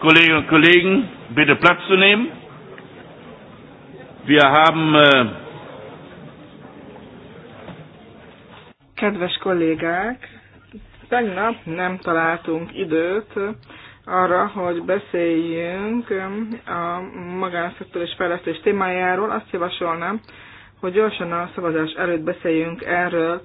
Kolleginnen und Kollegen, bitte Platz zu nehmen. Wir haben äh Kedves kollégák, tegnap nem találtunk időt arra, hogy beszéljünk a magánszektor és fejlesztés témájáról. Azt javasolnám, hogy gyorsan a szavazás előtt beszéljünk erről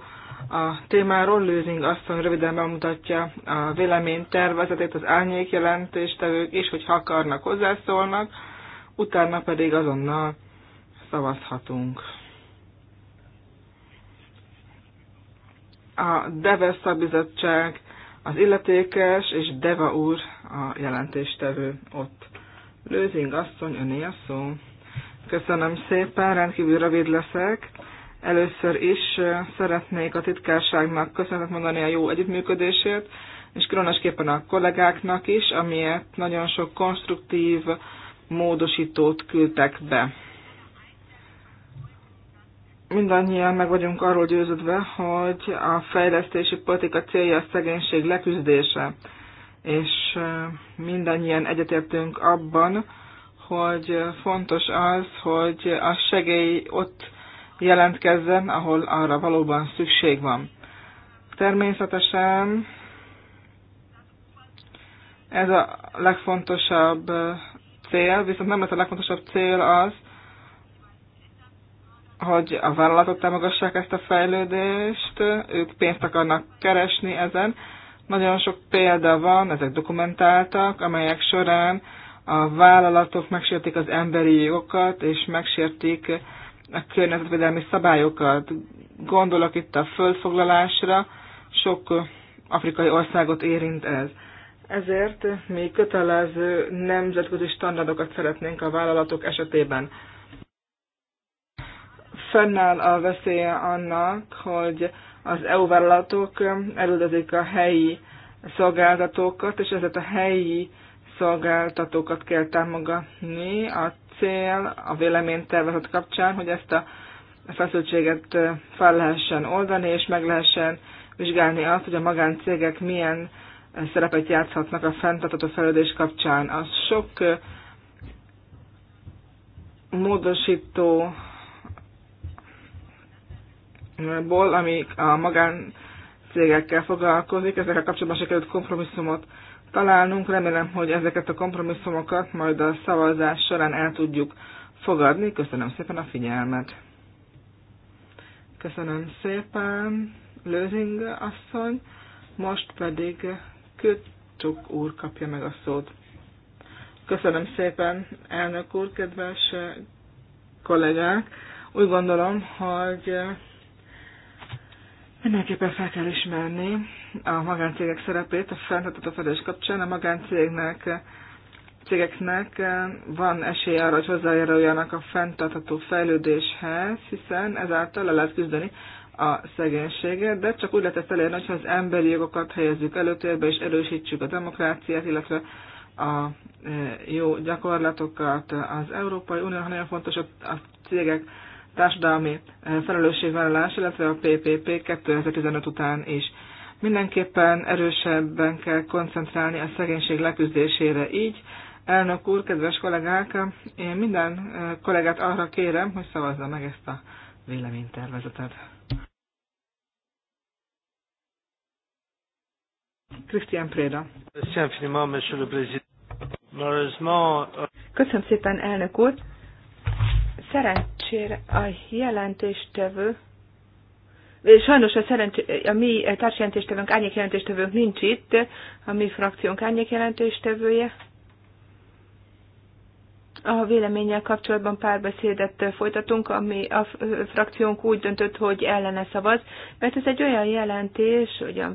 a témáról. Lőzing asszony röviden bemutatja a vélemény tervezetét, az árnyék jelentéstevők is, ha akarnak, hozzászólnak, utána pedig azonnal szavazhatunk. A DEVE szabizottság az illetékes, és Deva úr a jelentéstevő ott. Lőzing asszony, öné a szó. Köszönöm szépen, rendkívül rövid leszek. Először is szeretnék a titkárságnak köszönetet mondani a jó együttműködését, és különösképpen a kollégáknak is, amiért nagyon sok konstruktív módosítót küldtek be. Mindannyian meg vagyunk arról győződve, hogy a fejlesztési politika célja a szegénység leküzdése, és mindannyian egyetértünk abban, hogy fontos az, hogy a segély ott jelentkezzen, ahol arra valóban szükség van. Természetesen ez a legfontosabb cél, viszont nem ez a legfontosabb cél az, hogy a vállalatot támogassák ezt a fejlődést, ők pénzt akarnak keresni ezen. Nagyon sok példa van, ezek dokumentáltak, amelyek során a vállalatok megsértik az emberi jogokat, és megsértik a környezetvédelmi szabályokat. Gondolok itt a földfoglalásra, sok afrikai országot érint ez. Ezért mi kötelező nemzetközi standardokat szeretnénk a vállalatok esetében. Fennáll a veszélye annak, hogy az EU vállalatok elüldözik a helyi szolgáltatókat, és ezért a helyi szolgáltatókat kell támogatni a cél a véleménytervezet kapcsán, hogy ezt a feszültséget fel lehessen oldani, és meg lehessen vizsgálni azt, hogy a magáncégek milyen szerepet játszhatnak a fenntartató fejlődés kapcsán. A sok módosító ból, ami a magáncégekkel foglalkozik, ezekkel kapcsolatban sikerült kompromisszumot találnunk. Remélem, hogy ezeket a kompromisszumokat majd a szavazás során el tudjuk fogadni. Köszönöm szépen a figyelmet. Köszönöm szépen, Lőring asszony. Most pedig Kütcsuk úr kapja meg a szót. Köszönöm szépen, elnök úr, kedves kollégák. Úgy gondolom, hogy mindenképpen fel kell ismerni, a magáncégek szerepét a fenntartató fedés kapcsán. A magáncégnek cégeknek eh, van esély arra, hogy hozzájáruljanak a fenntartható fejlődéshez, hiszen ezáltal le lehet küzdeni a szegénységet, de csak úgy lehet ezt elérni, hogyha az emberi jogokat helyezzük előtérbe, és erősítsük a demokráciát, illetve a eh, jó gyakorlatokat. Az Európai Unió nagyon fontos a cégek társadalmi eh, felelősségvállalás, illetve a PPP 2015 után is. Mindenképpen erősebben kell koncentrálni a szegénység leküzdésére így. Elnök úr, kedves kollégák, én minden eh, kollégát arra kérem, hogy szavazza meg ezt a véleménytervezetet. Christian Préda. Euh, Köszönöm szépen, elnök úr. Szerencsére a jelentéstevő Sajnos a, szerencs- a mi társjelentéstevőnk, árnyékjelentéstevőnk nincs itt, a mi frakciónk árnyékjelentéstevője. A véleménnyel kapcsolatban párbeszédet folytatunk, ami a frakciónk úgy döntött, hogy ellene szavaz, mert ez egy olyan jelentés, hogy a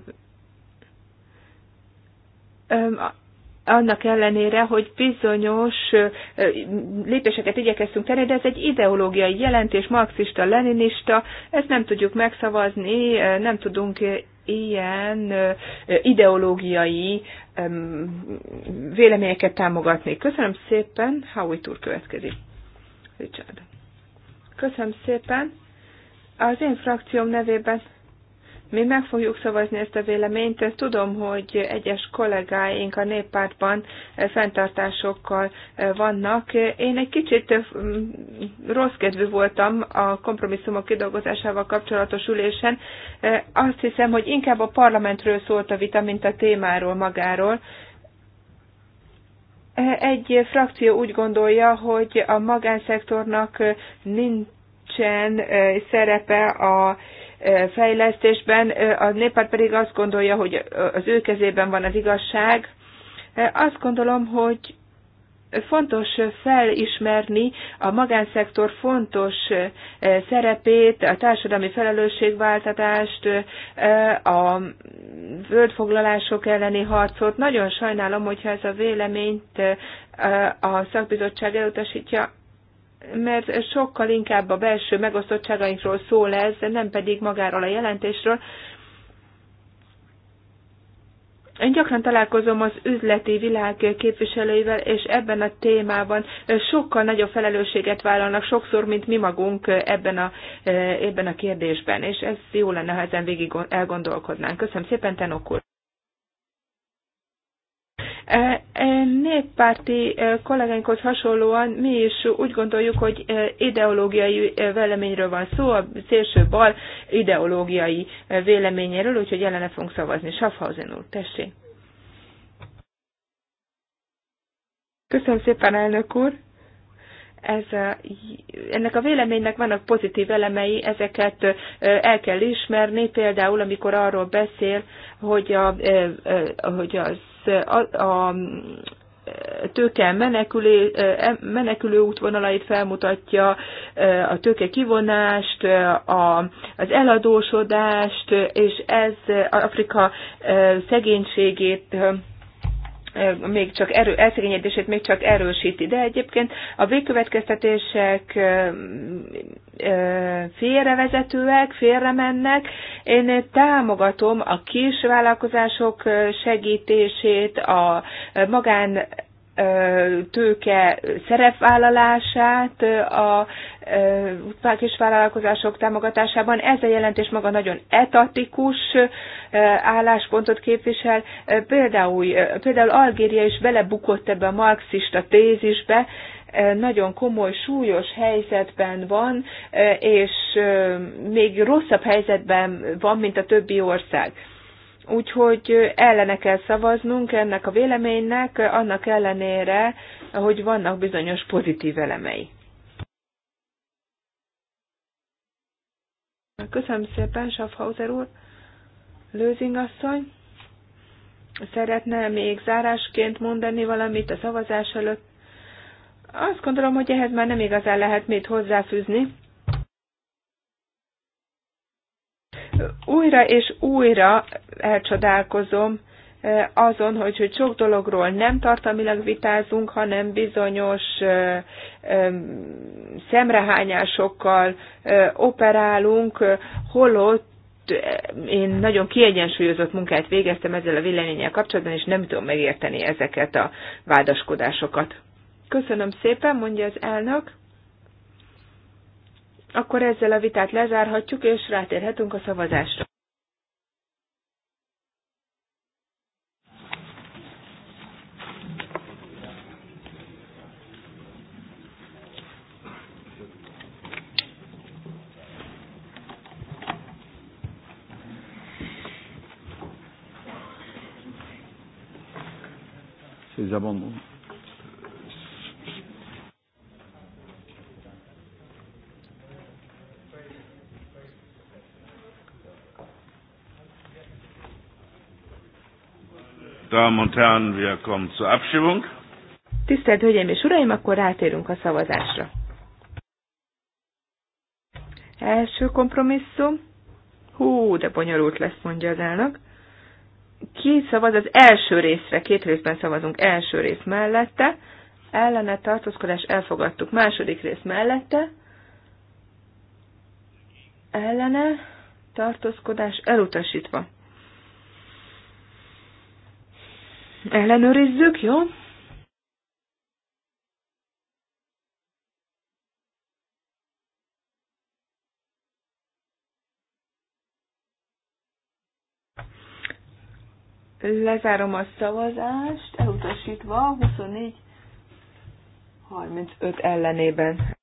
annak ellenére, hogy bizonyos lépéseket igyekeztünk tenni, de ez egy ideológiai jelentés, marxista, leninista, ezt nem tudjuk megszavazni, nem tudunk ilyen ideológiai véleményeket támogatni. Köszönöm szépen, Howie Tour következik. Richard. Köszönöm szépen. Az én frakcióm nevében mi meg fogjuk szavazni ezt a véleményt, ezt tudom, hogy egyes kollégáink a néppártban eh, fenntartásokkal eh, vannak. Én egy kicsit eh, mm, rossz kedvű voltam a kompromisszumok kidolgozásával kapcsolatos ülésen. Azt hiszem, hogy inkább a parlamentről szólt a vita, mint a témáról magáról. Egy frakció úgy gondolja, hogy a magánszektornak nincsen szerepe a fejlesztésben, a néppárt pedig azt gondolja, hogy az ő kezében van az igazság. Azt gondolom, hogy fontos felismerni a magánszektor fontos szerepét, a társadalmi felelősségváltatást, a földfoglalások elleni harcot. Nagyon sajnálom, hogyha ez a véleményt a szakbizottság elutasítja, mert sokkal inkább a belső megosztottságainkról szól ez, nem pedig magáról a jelentésről. Én gyakran találkozom az üzleti világ képviselőivel, és ebben a témában sokkal nagyobb felelősséget vállalnak sokszor, mint mi magunk ebben a, ebben a kérdésben, és ez jó lenne, ha ezen végig elgondolkodnánk. Köszönöm szépen, Tenok E, e, néppárti e, kollégánkhoz hasonlóan mi is úgy gondoljuk, hogy ideológiai véleményről van szó, a szélső bal ideológiai véleményéről, úgyhogy ellene fogunk szavazni. Schaffhausen úr, tessék! Köszönöm szépen, elnök úr! ez a, ennek a véleménynek vannak pozitív elemei, ezeket el kell ismerni, például amikor arról beszél, hogy, a, hogy az, a, a tőke menekülő menekülő útvonalait felmutatja, a tőke kivonást, a, az eladósodást, és ez Afrika szegénységét még csak erő, elszegényedését még csak erősíti. De egyébként a végkövetkeztetések félrevezetőek, félremennek. Én támogatom a kis vállalkozások segítését, a magán tőke szerepvállalását a kis vállalkozások támogatásában. Ez a jelentés maga nagyon etatikus álláspontot képvisel. Például, például Algéria is belebukott ebbe a marxista tézisbe, nagyon komoly, súlyos helyzetben van, és még rosszabb helyzetben van, mint a többi ország. Úgyhogy ellene kell szavaznunk ennek a véleménynek, annak ellenére, hogy vannak bizonyos pozitív elemei. Köszönöm szépen, Schaffhauser úr. Lőzing asszony, szeretne még zárásként mondani valamit a szavazás előtt? Azt gondolom, hogy ehhez már nem igazán lehet mit hozzáfűzni. újra és újra elcsodálkozom eh, azon, hogy, hogy sok dologról nem tartalmilag vitázunk, hanem bizonyos eh, szemrehányásokkal eh, operálunk, holott én nagyon kiegyensúlyozott munkát végeztem ezzel a véleménnyel kapcsolatban, és nem tudom megérteni ezeket a vádaskodásokat. Köszönöm szépen, mondja az elnök akkor ezzel a vitát lezárhatjuk, és rátérhetünk a szavazásra. Ces amendements. Damen und Herren, wir kommen zur Abstimmung. Tisztelt Hölgyeim és Uraim, akkor rátérünk a szavazásra. Első kompromisszum. Hú, de bonyolult lesz, mondja az elnök. Ki szavaz az első részre? Két részben szavazunk. Első rész mellette. Ellene tartózkodás elfogadtuk. Második rész mellette. Ellene tartózkodás elutasítva. ellenőrizzük, jó? Lezárom a szavazást, elutasítva 24 35 ellenében.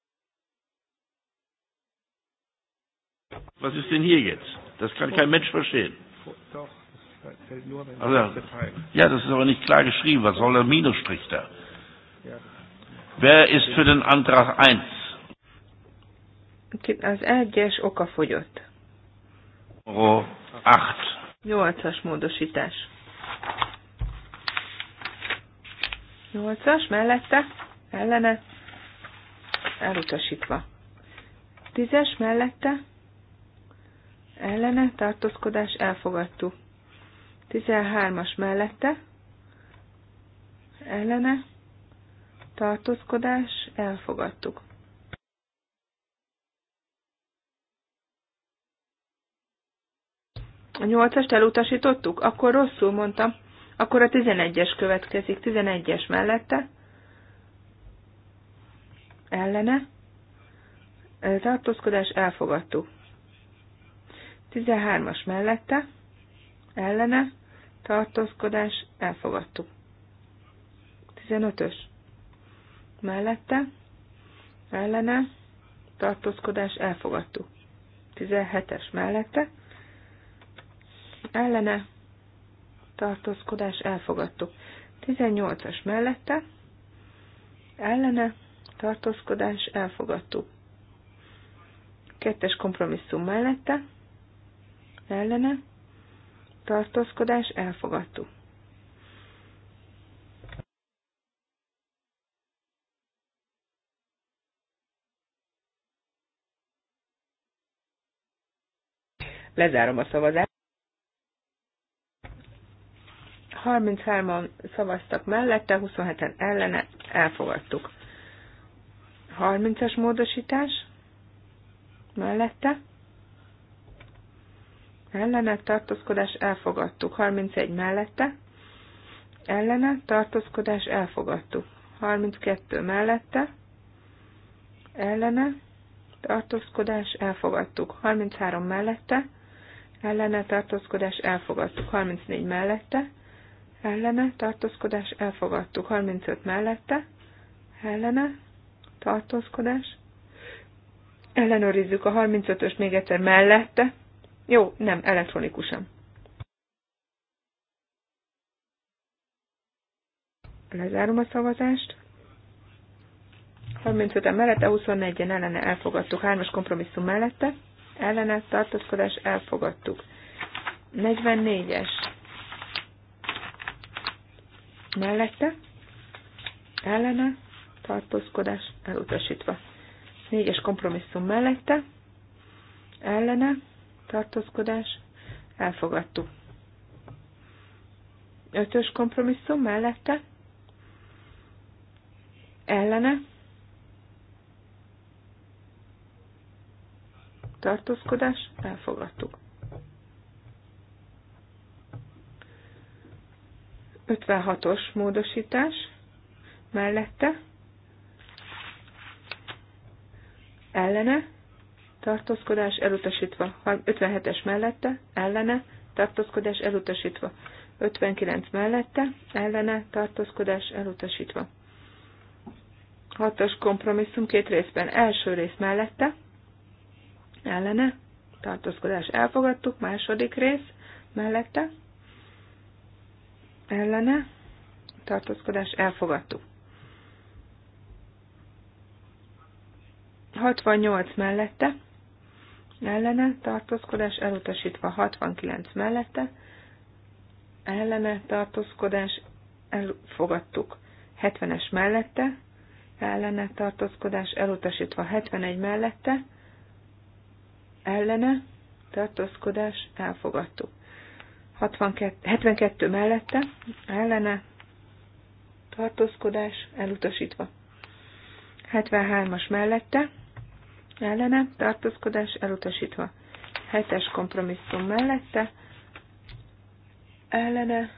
Was ist denn hier jetzt? Das kann kein Mensch verstehen. Doch. Also, ja, das ist aber nicht klar geschrieben. Was soll der Minusstrich da? Wer ist für den Antrag 1? Az egyes oka fogyott. 8. 8-as módosítás. 8-as mellette, ellene, elutasítva. 10-es mellette, ellene, tartózkodás, elfogadtuk. 13-as mellette, ellene, tartózkodás, elfogadtuk. A 8-ast elutasítottuk? Akkor rosszul mondtam. Akkor a 11-es következik, 11-es mellette, ellene, tartózkodás, elfogadtuk. 13-as mellette, ellene, tartózkodás, elfogadtuk. 15-ös mellette, ellene, tartózkodás, elfogadtuk. 17-es mellette, ellene, tartózkodás, elfogadtuk. 18-as mellette, ellene, tartózkodás, elfogadtuk. Kettes kompromisszum mellette, ellene, tartózkodás elfogadtuk. Lezárom a szavazást. 33-an szavaztak mellette, 27-en ellene, elfogadtuk. 30-as módosítás mellette, ellene tartózkodás elfogadtuk. 31 mellette ellene tartózkodás elfogadtuk. 32 mellette ellene tartózkodás elfogadtuk. 33 mellette ellene tartózkodás elfogadtuk. 34 mellette ellene tartózkodás elfogadtuk. 35 mellette ellene tartózkodás ellenőrizzük a 35-ös még egyszer mellette, jó, nem, elektronikusan. Lezárom a szavazást. 35-en mellette, 24-en ellene elfogadtuk. 3-as kompromisszum mellette, ellene tartózkodás elfogadtuk. 44-es mellette, ellene tartózkodás elutasítva. 4-es kompromisszum mellette, ellene tartózkodás, elfogadtuk. Ötös kompromisszum mellette, ellene, tartózkodás, elfogadtuk. 56-os módosítás mellette, ellene, tartózkodás elutasítva, 57-es mellette, ellene, tartózkodás elutasítva, 59 mellette, ellene, tartózkodás elutasítva. Hatos kompromisszum két részben, első rész mellette, ellene, tartózkodás elfogadtuk, második rész mellette, ellene, tartózkodás elfogadtuk. 68 mellette, ellene tartózkodás elutasítva 69 mellette, ellene tartózkodás elfogadtuk 70-es mellette, ellene tartózkodás elutasítva 71 mellette, ellene tartózkodás elfogadtuk. 62, 72 mellette, ellene tartózkodás elutasítva. 73-as mellette, ellene, tartózkodás elutasítva. Hetes kompromisszum mellette, ellene,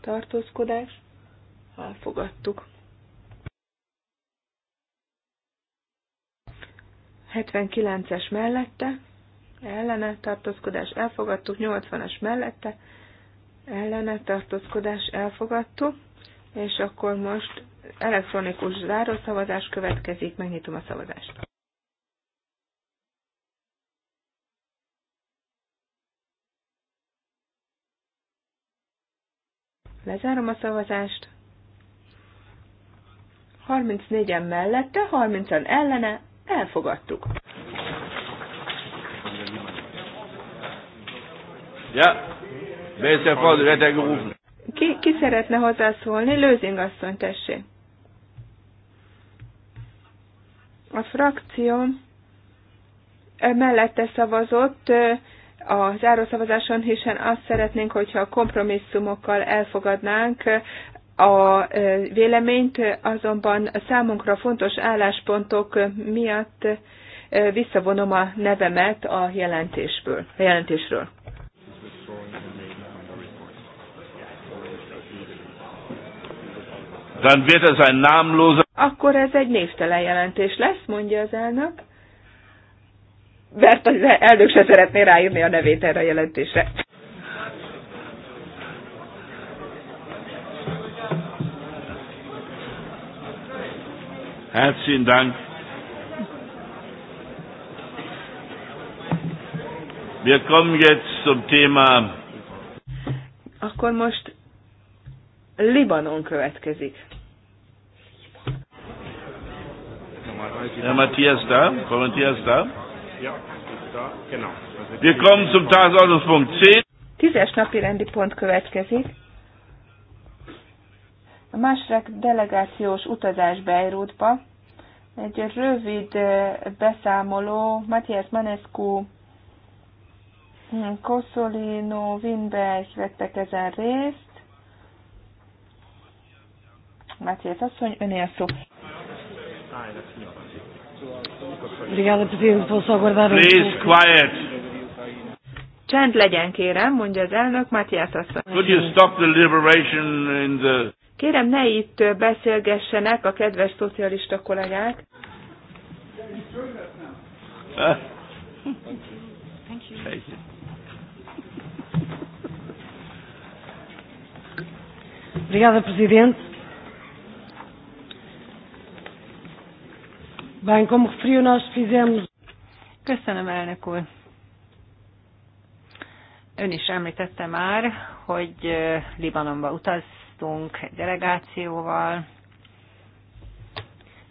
tartózkodás, elfogadtuk. 79-es mellette, ellene, tartózkodás, elfogadtuk. 80-as mellette, ellene, tartózkodás, elfogadtuk. És akkor most elektronikus zárószavazás következik, megnyitom a szavazást. Lezárom a szavazást. 34-en mellette, 30-an ellene, elfogadtuk. Ja, Bézer Fadretek ki, ki szeretne hozzászólni? Lőzing asszony, tessék. A frakció mellette szavazott, a zárószavazáson, hiszen azt szeretnénk, hogyha a kompromisszumokkal elfogadnánk a véleményt, azonban számunkra fontos álláspontok miatt visszavonom a nevemet a jelentésből, a jelentésről. Akkor ez egy névtelen jelentés lesz, mondja az elnök mert az elnök se szeretné ráírni a nevét erre a jelentésre. Herzlichen Dank. Wir kommen jetzt zum Thema. Akkor most Libanon következik. Herr Matthias da? Frau Matthias da? Wir kommen zum Tagesordnungspunkt 10. Tízes napi rendi pont következik. A másrek delegációs utazás Beirutba. Egy rövid beszámoló Matthias Manescu, hm, Kosszolino, Winberg vettek ezen részt. Matthias asszony, önél szó. Obrigada, Presidente. Vou só Please, quiet. Csend legyen, kérem, mondja az elnök, Matthias asszony. Could you stop the liberation in the... Kérem, ne itt beszélgessenek a kedves szocialista kollégák. Thank you. Thank you. Obrigada, Presidente. Bem, como referiu, nós fizemos. Köszönöm, elnök úr. Ön is említette már, hogy Libanonba utaztunk delegációval,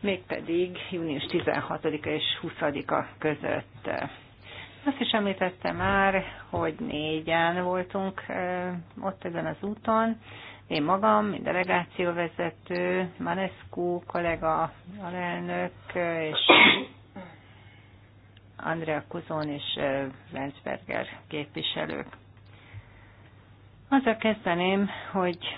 mégpedig június 16-a és 20-a között. Azt is említette már, hogy négyen voltunk ott ezen az úton, én magam, mint delegációvezető, Manescu kollega, alelnök, és Andrea Kuzon és Lenzberger képviselők. Azzal kezdeném, hogy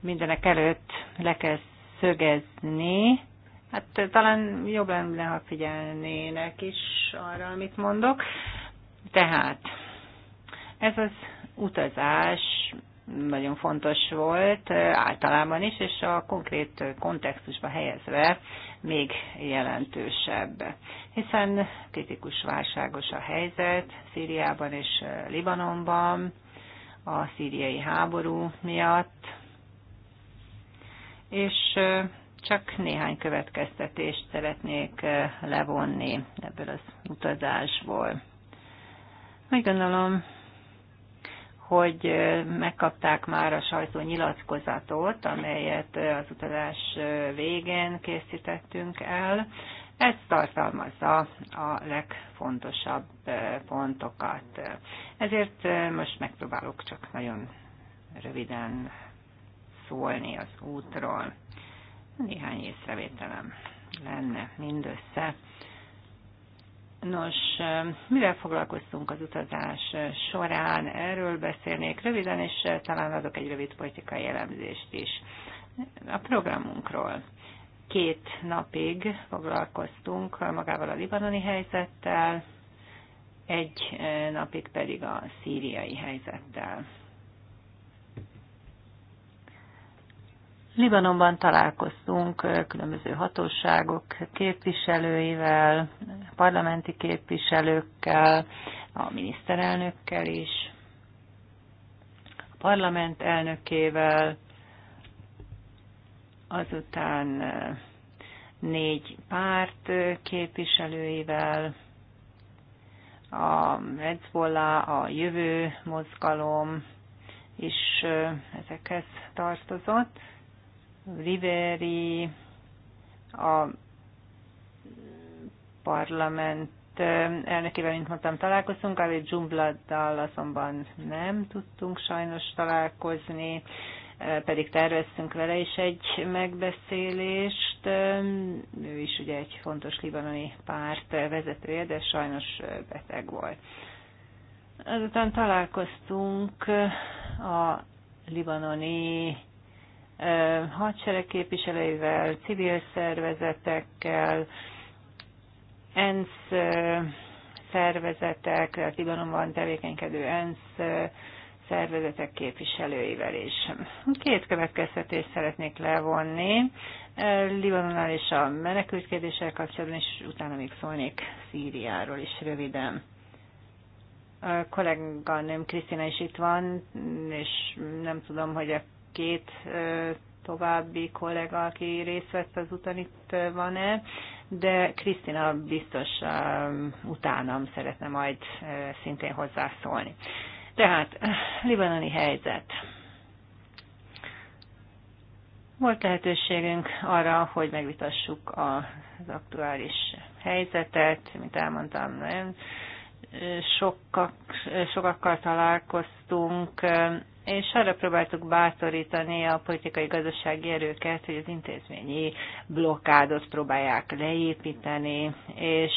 mindenek előtt le kell szögezni, hát talán jobb lenne, ha figyelnének is arra, amit mondok. Tehát ez az utazás nagyon fontos volt eh, általában is, és a konkrét kontextusba helyezve még jelentősebb. Hiszen kritikus válságos a helyzet Szíriában és eh, Libanonban, a szíriai háború miatt, és eh, csak néhány következtetést szeretnék levonni ebből az utazásból. Meggondolom, gondolom, hogy megkapták már a sajtó nyilatkozatot, amelyet az utazás végén készítettünk el. Ez tartalmazza a legfontosabb pontokat. Ezért most megpróbálok csak nagyon röviden szólni az útról. Néhány észrevételem lenne mindössze. Nos, mivel foglalkoztunk az utazás során, erről beszélnék röviden, és eh, talán adok egy rövid politikai elemzést is. A programunkról két napig foglalkoztunk magával a libanoni helyzettel, egy eh, napig pedig a szíriai helyzettel. Libanonban találkoztunk különböző hatóságok képviselőivel, parlamenti képviselőkkel, a miniszterelnökkel is, a parlament elnökével, azután négy párt képviselőivel, a Hezbollah, a Jövő mozgalom is ezekhez tartozott. Riveri, a parlament elnökével, mint mondtam, találkoztunk, Ali Dzsumbladdal azonban nem tudtunk sajnos találkozni, pedig terveztünk vele is egy megbeszélést. Ő is ugye egy fontos libanoni párt vezetője, de sajnos beteg volt. Azután találkoztunk a libanoni hadsereg képviselőivel, civil szervezetekkel, ENSZ szervezetek, Libanonban tevékenykedő ENSZ szervezetek képviselőivel is. Két következtetést szeretnék levonni. Libanonnal és a kérdéssel kapcsolatban, és utána még szólnék Szíriáról is röviden. A kolléganőm Krisztina is itt van, és nem tudom, hogy a két további kollega, aki részt vett az után itt van-e, de Krisztina biztos utánam szeretne majd szintén hozzászólni. Tehát, libanoni helyzet. Volt lehetőségünk arra, hogy megvitassuk az aktuális helyzetet, mint elmondtam, nagyon sokak, sokakkal találkoztunk, és arra próbáltuk bátorítani a politikai gazdasági erőket, hogy az intézményi blokkádot próbálják leépíteni, és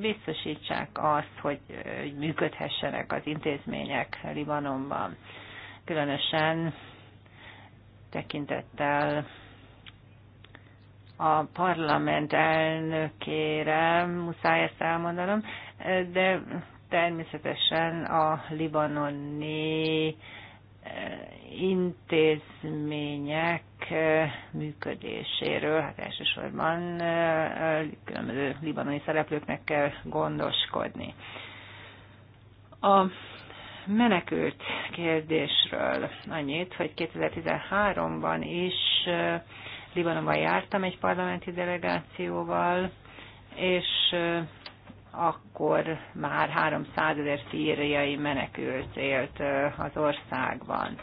biztosítsák azt, hogy működhessenek az intézmények Libanonban. Különösen tekintettel a parlament elnökére, muszáj ezt elmondanom, de természetesen a libanoni eh, intézmények eh, működéséről, hát elsősorban eh, különböző libanoni szereplőknek kell gondoskodni. A menekült kérdésről annyit, hogy 2013-ban is Libanonban jártam egy parlamenti delegációval, és akkor már 300 ezer szíriai menekült élt az országban.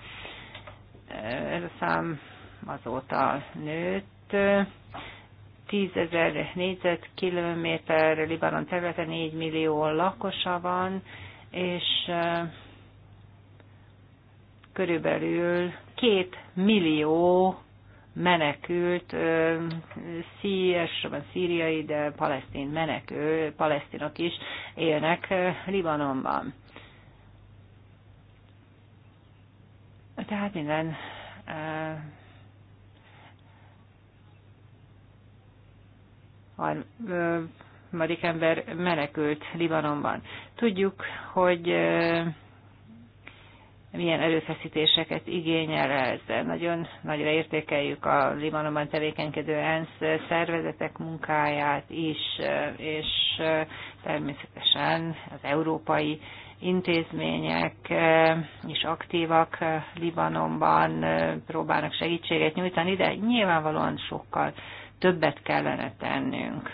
Ez a szám azóta nőtt. 10 ezer négyzetkilométer Libanon területe 4 millió lakosa van, és körülbelül 2 millió menekült, szí, elsősorban szíriai, de palesztin menekül, palesztinok is élnek Libanonban. Tehát minden harmadik ember menekült Libanonban. Tudjuk, hogy milyen erőfeszítéseket igényel ez. Nagyon nagyra értékeljük a Libanonban tevékenykedő ENSZ szervezetek munkáját is, és természetesen az európai intézmények is aktívak Libanonban, próbálnak segítséget nyújtani, de nyilvánvalóan sokkal többet kellene tennünk.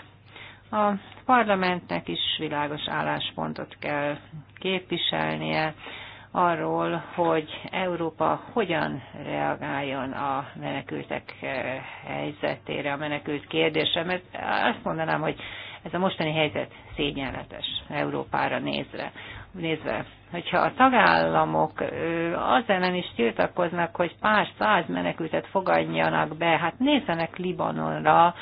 A parlamentnek is világos álláspontot kell képviselnie, arról, hogy Európa hogyan reagáljon a menekültek eh, helyzetére, a menekült kérdésre, mert azt mondanám, hogy ez a mostani helyzet szégyenletes Európára nézve. nézve. Hogyha a tagállamok eh, az ellen is tiltakoznak, hogy pár száz menekültet fogadjanak be, hát nézzenek Libanonra,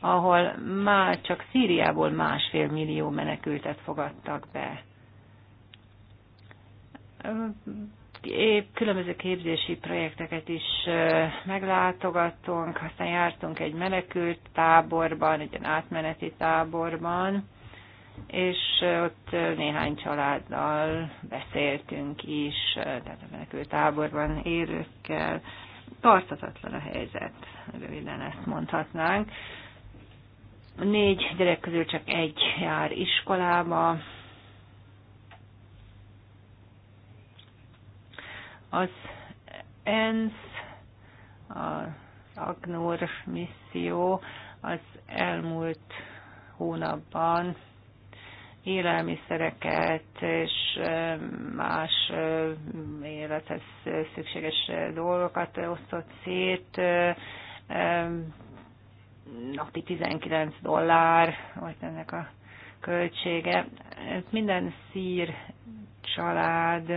ahol már csak Szíriából másfél millió menekültet fogadtak be különböző képzési projekteket is meglátogattunk, aztán jártunk egy menekült táborban, egy átmeneti táborban, és ott néhány családdal beszéltünk is, tehát a menekült táborban élőkkel. Tartatatlan a helyzet, röviden ezt mondhatnánk. Négy gyerek közül csak egy jár iskolába, Az ENSZ, az AGNOR misszió az elmúlt hónapban élelmiszereket és más élethez szükséges dolgokat osztott szét. Napi 19 dollár volt ennek a költsége. Minden szír család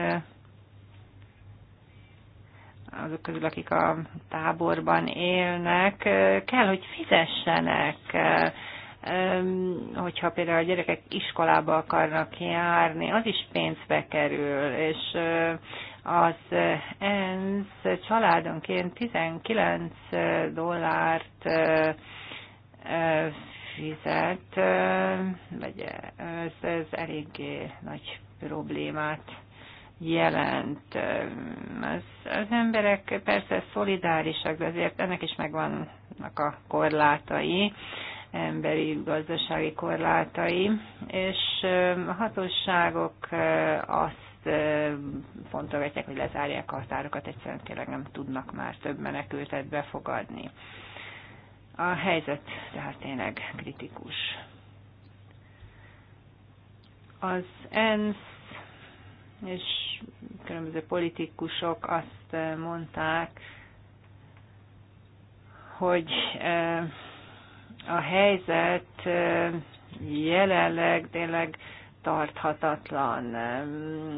azok közül, akik a táborban élnek, kell, hogy fizessenek ehm, hogyha például a gyerekek iskolába akarnak járni, az is pénzbe kerül, és eh, az eh, ENSZ családonként 19 dollárt eh, fizet, vagy ez, ez eléggé nagy problémát jelent. Az, az emberek persze szolidárisak, de azért ennek is megvannak a korlátai, emberi gazdasági korlátai, és a hatóságok azt fontolgatják, hogy lezárják a határokat, egyszerűen tényleg nem tudnak már több menekültet befogadni. A helyzet tehát tényleg kritikus. Az ENSZ és különböző politikusok azt eh, mondták, hogy eh, a helyzet eh, jelenleg tényleg tarthatatlan,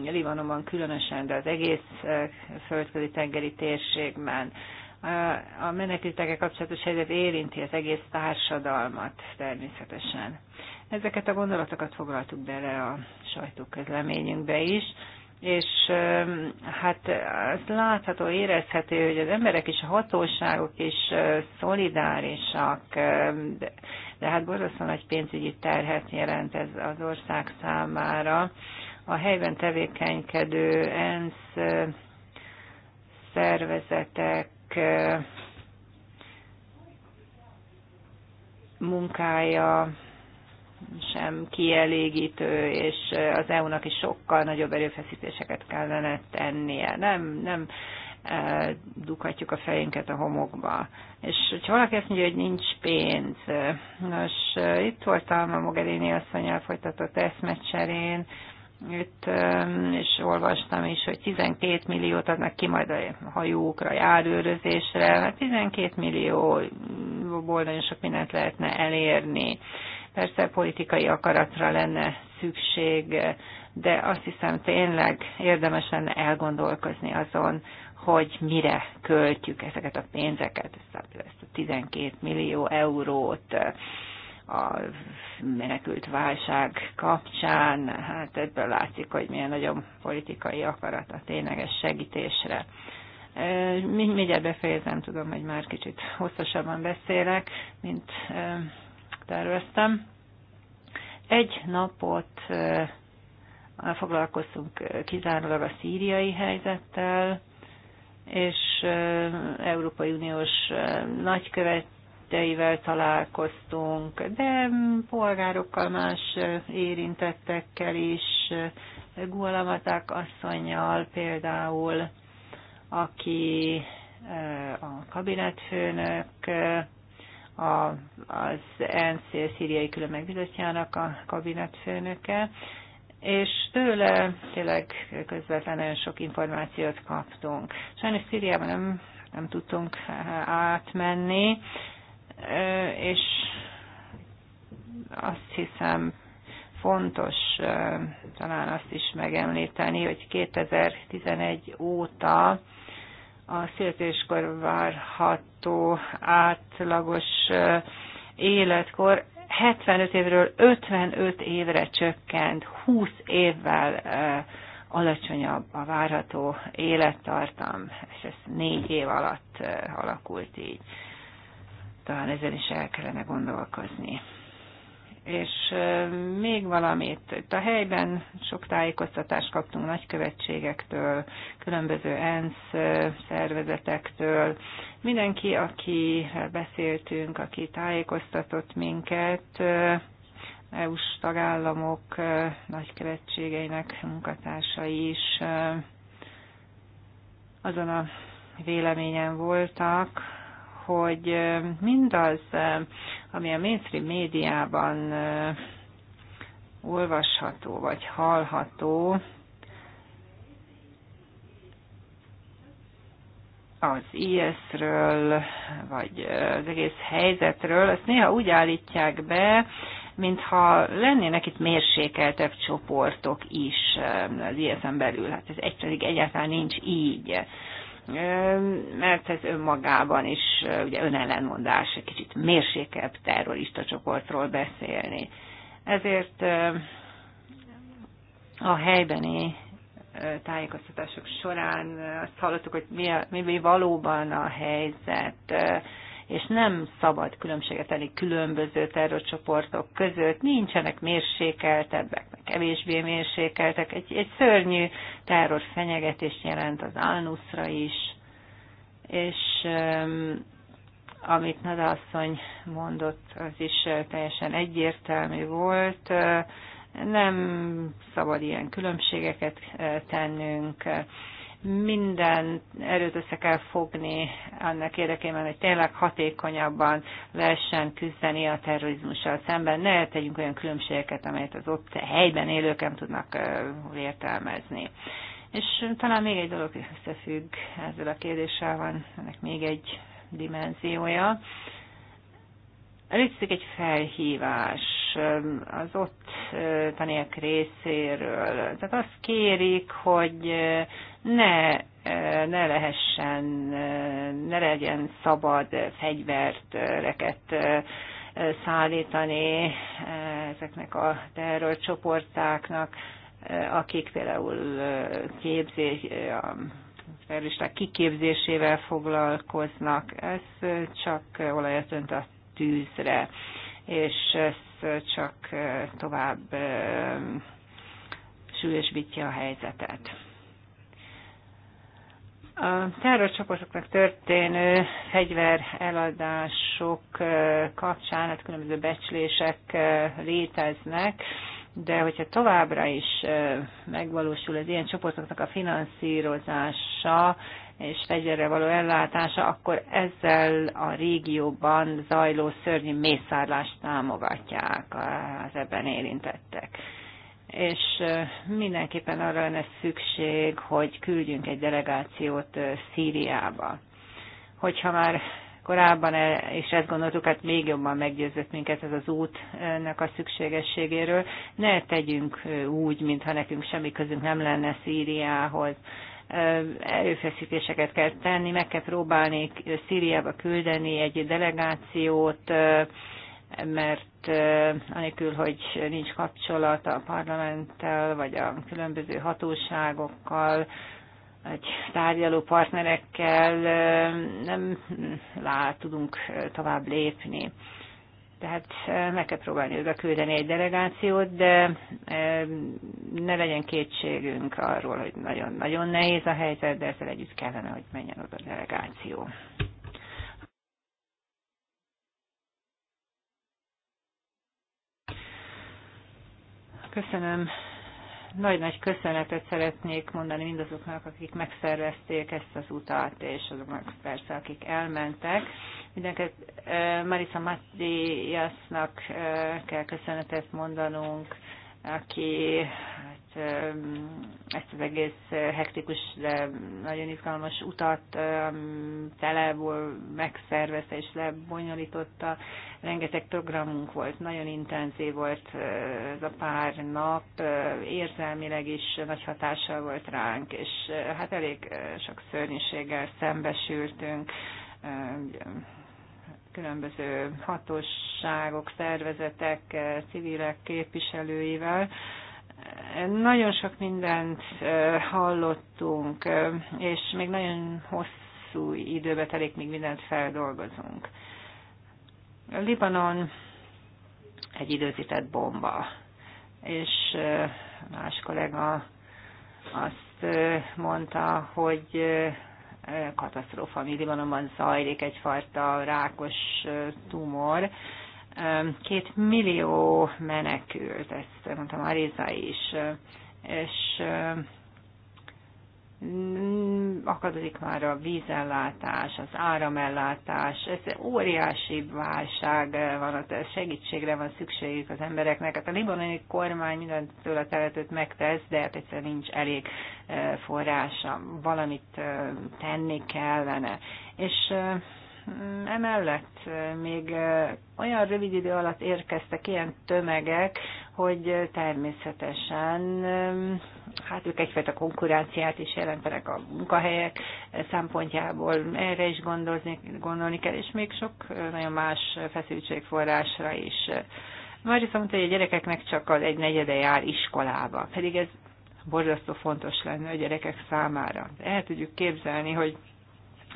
Libanonban különösen, de az egész földközi tengeri térségben a menekültekkel kapcsolatos helyzet érinti az egész társadalmat természetesen. Ezeket a gondolatokat foglaltuk bele a sajtóközleményünkbe is, és hát az látható, érezhető, hogy az emberek és a hatóságok is szolidárisak, de, de hát borzasztó nagy pénzügyi terhet jelent ez az ország számára. A helyben tevékenykedő ENSZ szervezetek munkája sem kielégítő, és az EU-nak is sokkal nagyobb erőfeszítéseket kellene tennie. Nem, nem dughatjuk a fejünket a homokba. És hogyha valaki azt mondja, hogy nincs pénz, nos, itt voltam a Mogherini asszonyjal folytatott eszmecserén, itt, és olvastam is, hogy 12 milliót adnak ki majd a hajókra, járőrözésre. Hát 12 millióból nagyon sok mindent lehetne elérni. Persze politikai akaratra lenne szükség, de azt hiszem tényleg érdemes lenne elgondolkozni azon, hogy mire költjük ezeket a pénzeket, ezt a 12 millió eurót a menekült válság kapcsán, hát ebből látszik, hogy milyen nagyon politikai akarat a tényleges segítésre. Mindjárt befejezem, tudom, hogy már kicsit hosszasabban beszélek, mint terveztem. Egy napot foglalkoztunk kizárólag a szíriai helyzettel, és Európai Uniós nagykövet ügyeivel találkoztunk, de polgárokkal, más érintettekkel is, Gualamaták asszonyjal például, aki a kabinetfőnök, az ENSZ szíriai külön megbizotjának a kabinetfőnöke, és tőle tényleg közvetlenül sok információt kaptunk. Sajnos Szíriában nem, nem tudtunk átmenni, és azt hiszem fontos talán azt is megemlíteni, hogy 2011 óta a születéskor várható átlagos életkor 75 évről 55 évre csökkent, 20 évvel alacsonyabb a várható élettartam, és ez négy év alatt alakult így talán ezen is el kellene gondolkozni. És még valamit, itt a helyben sok tájékoztatást kaptunk nagykövetségektől, különböző ENSZ szervezetektől. Mindenki, aki beszéltünk, aki tájékoztatott minket, EU-s tagállamok nagykövetségeinek munkatársai is azon a véleményen voltak, hogy mindaz, ami a mainstream médiában olvasható vagy hallható, az IS-ről, vagy az egész helyzetről, ezt néha úgy állítják be, mintha lennének itt mérsékeltebb csoportok is az is en belül. Hát ez egy, egyáltalán nincs így mert ez önmagában is ugye önellenmondás, egy kicsit mérsékebb terrorista csoportról beszélni. Ezért a helybeni tájékoztatások során azt hallottuk, hogy mi, a, mi valóban a helyzet, és nem szabad különbséget tenni különböző terrorcsoportok között, nincsenek mérsékeltebbek, meg kevésbé mérsékeltek. Egy, egy szörnyű terror fenyegetést jelent az Alnuszra is, és amit Nada asszony mondott, az is teljesen egyértelmű volt. Nem szabad ilyen különbségeket tennünk minden erőt össze kell fogni annak érdekében, hogy tényleg hatékonyabban lehessen küzdeni a terrorizmussal szemben. Ne tegyünk olyan különbségeket, amelyet az ott helyben élők nem tudnak értelmezni. És talán még egy dolog összefügg ezzel a kérdéssel, van ennek még egy dimenziója. Létezik egy felhívás az ott tanék részéről. Tehát azt kérik, hogy ne, eh, ne lehessen, eh, ne legyen szabad fegyvert, reket eh, szállítani ezeknek a terrorcsoportáknak, akik például képzés, a terroristák kiképzésével foglalkoznak. Ez csak olajat önt a tűzre, és ez csak tovább sűrűsbítja a helyzetet. A terrorcsoportoknak történő fegyver eladások kapcsán hát különböző becslések léteznek, de hogyha továbbra is megvalósul az ilyen csoportoknak a finanszírozása és fegyverre való ellátása, akkor ezzel a régióban zajló szörnyű mészárlást támogatják az ebben érintettek és mindenképpen arra lenne szükség, hogy küldjünk egy delegációt Szíriába. Hogyha már korábban, és ezt gondoltuk, hát még jobban meggyőzött minket ez az útnak a szükségességéről. Ne tegyünk úgy, mintha nekünk semmi közünk nem lenne Szíriához. Erőfeszítéseket kell tenni, meg kell próbálni Szíriába küldeni egy delegációt, mert anélkül, hogy nincs kapcsolat a parlamenttel, vagy a különböző hatóságokkal, egy tárgyaló partnerekkel nem lát tudunk tovább lépni. Tehát meg kell próbálni oda küldeni egy delegációt, de ne legyen kétségünk arról, hogy nagyon-nagyon nehéz a helyzet, de ezzel együtt kellene, hogy menjen oda a delegáció. Köszönöm. Nagy-nagy köszönetet szeretnék mondani mindazoknak, akik megszervezték ezt az utat, és azoknak persze, akik elmentek. Mindenket Marisa Mattiasnak kell köszönetet mondanunk, aki ezt az egész hektikus, de nagyon izgalmas utat tele megszervezte és lebonyolította. Rengeteg programunk volt, nagyon intenzív volt ez a pár nap, érzelmileg is nagy hatással volt ránk, és hát elég sok szörnyűséggel szembesültünk különböző hatóságok, szervezetek, civilek képviselőivel nagyon sok mindent hallottunk, és még nagyon hosszú időbe telik, míg mindent feldolgozunk. A Libanon egy időzített bomba, és más kollega azt mondta, hogy katasztrófa, ami Libanonban zajlik, egyfajta rákos tumor, két millió menekült, ezt mondtam Ariza is, és akadozik már a vízellátás, az áramellátás, ez óriási válság van, ott segítségre van szükségük az embereknek. Hát a libanoni kormány mindentől a teletőt megtesz, de hát egyszerűen nincs elég forrása, valamit tenni kellene. És Emellett eh, még eh, olyan rövid idő alatt érkeztek ilyen tömegek, hogy eh, természetesen hát ők egyfajta konkurenciát is jelentenek a munkahelyek szempontjából. Erre is gondolni, gondolni kell, és még sok nagyon más feszültségforrásra is. Már azt mondta, hogy a gyerekeknek csak az egy negyede jár iskolába, pedig ez borzasztó fontos lenne a gyerekek számára. El tudjuk képzelni, hogy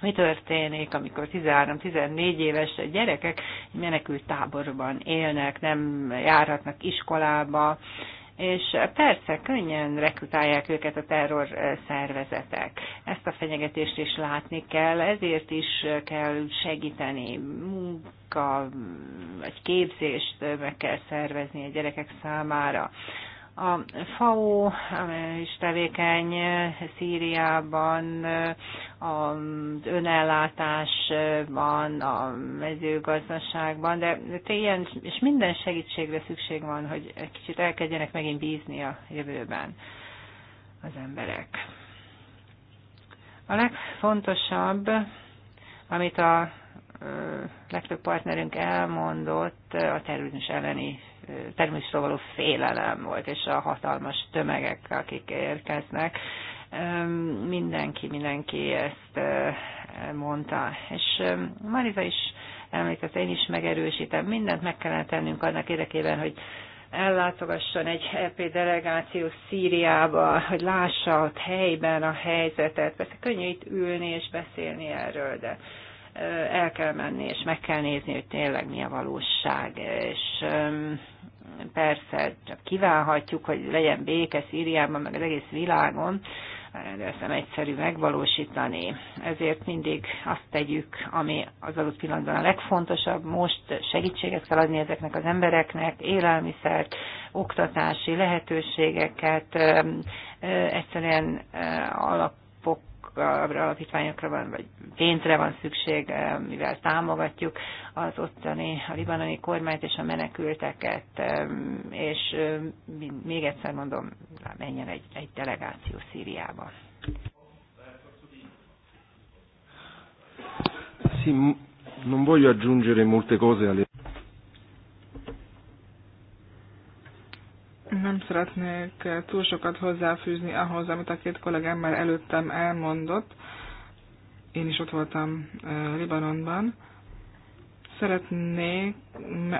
mi történik, amikor 13-14 éves gyerekek menekült táborban élnek, nem járhatnak iskolába, és persze könnyen rekrutálják őket a terror szervezetek. Ezt a fenyegetést is látni kell, ezért is kell segíteni, munka vagy képzést meg kell szervezni a gyerekek számára. A FAO is tevékeny Szíriában, az önellátásban, a mezőgazdaságban, de ilyen és minden segítségre szükség van, hogy egy kicsit elkezdjenek megint bízni a jövőben az emberek. A legfontosabb, amit a legtöbb partnerünk elmondott, a terrorizmus elleni termésről való félelem volt, és a hatalmas tömegek, akik érkeznek. Mindenki, mindenki ezt mondta. És Mariza is említett, én is megerősítem, mindent meg kellene tennünk annak érdekében, hogy ellátogasson egy EP delegáció Szíriába, hogy lássa ott helyben a helyzetet. Persze könnyű itt ülni és beszélni erről, de el kell menni, és meg kell nézni, hogy tényleg mi a valóság, és persze csak kívánhatjuk, hogy legyen béke Szíriában, meg az egész világon, de ezt nem egyszerű megvalósítani. Ezért mindig azt tegyük, ami az adott pillanatban a legfontosabb. Most segítséget kell adni ezeknek az embereknek, élelmiszert, oktatási lehetőségeket, egyszerűen alap alapítványokra van, vagy pénzre van szükség, eh, mivel támogatjuk az ottani, a libanoni kormányt és a menekülteket, eh, és eh, még egyszer mondom, menjen egy, egy delegáció Szíriába. Sì, non voglio aggiungere molte cose alle Nem szeretnék túl sokat hozzáfűzni ahhoz, amit a két kollégám már előttem elmondott. Én is ott voltam Libanonban. Szeretnék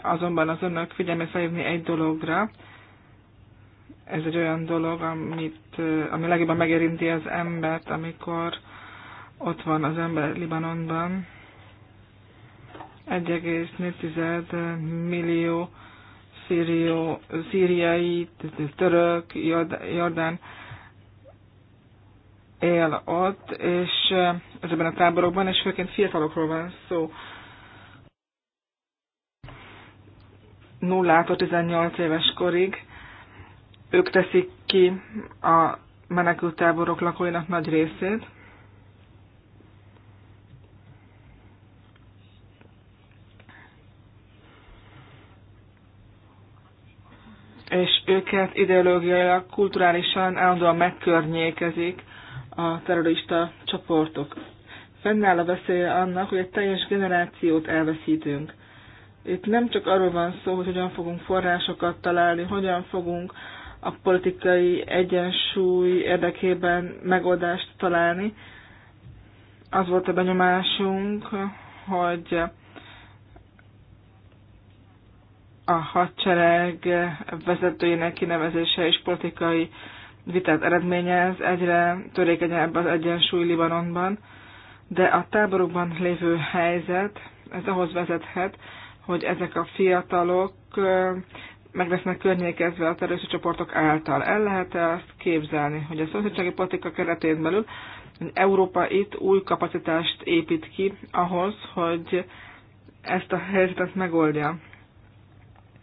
azonban az önök figyelmét felhívni egy dologra. Ez egy olyan dolog, amit, ami legjobban megérinti az embert, amikor ott van az ember Libanonban. 1,4 millió szírió, szíriai, török, jordán él ott, és eh, ezekben a táborokban, és főként fiatalokról van szó. 0 18 éves korig ők teszik ki a táborok lakóinak nagy részét, és őket ideológiailag, kulturálisan állandóan megkörnyékezik a terrorista csoportok. Fennáll a veszélye annak, hogy egy teljes generációt elveszítünk. Itt nem csak arról van szó, hogy hogyan fogunk forrásokat találni, hogyan fogunk a politikai egyensúly érdekében megoldást találni. Az volt a benyomásunk, hogy a hadsereg vezetőjének kinevezése és politikai vitát eredményez, egyre törékenyebb az egyensúly Libanonban, de a táborokban lévő helyzet, ez ahhoz vezethet, hogy ezek a fiatalok meg lesznek környékezve a terrorista csoportok által. El lehet -e azt képzelni, hogy a szomszédsági politika keretén belül Európa itt új kapacitást épít ki ahhoz, hogy ezt a helyzetet megoldja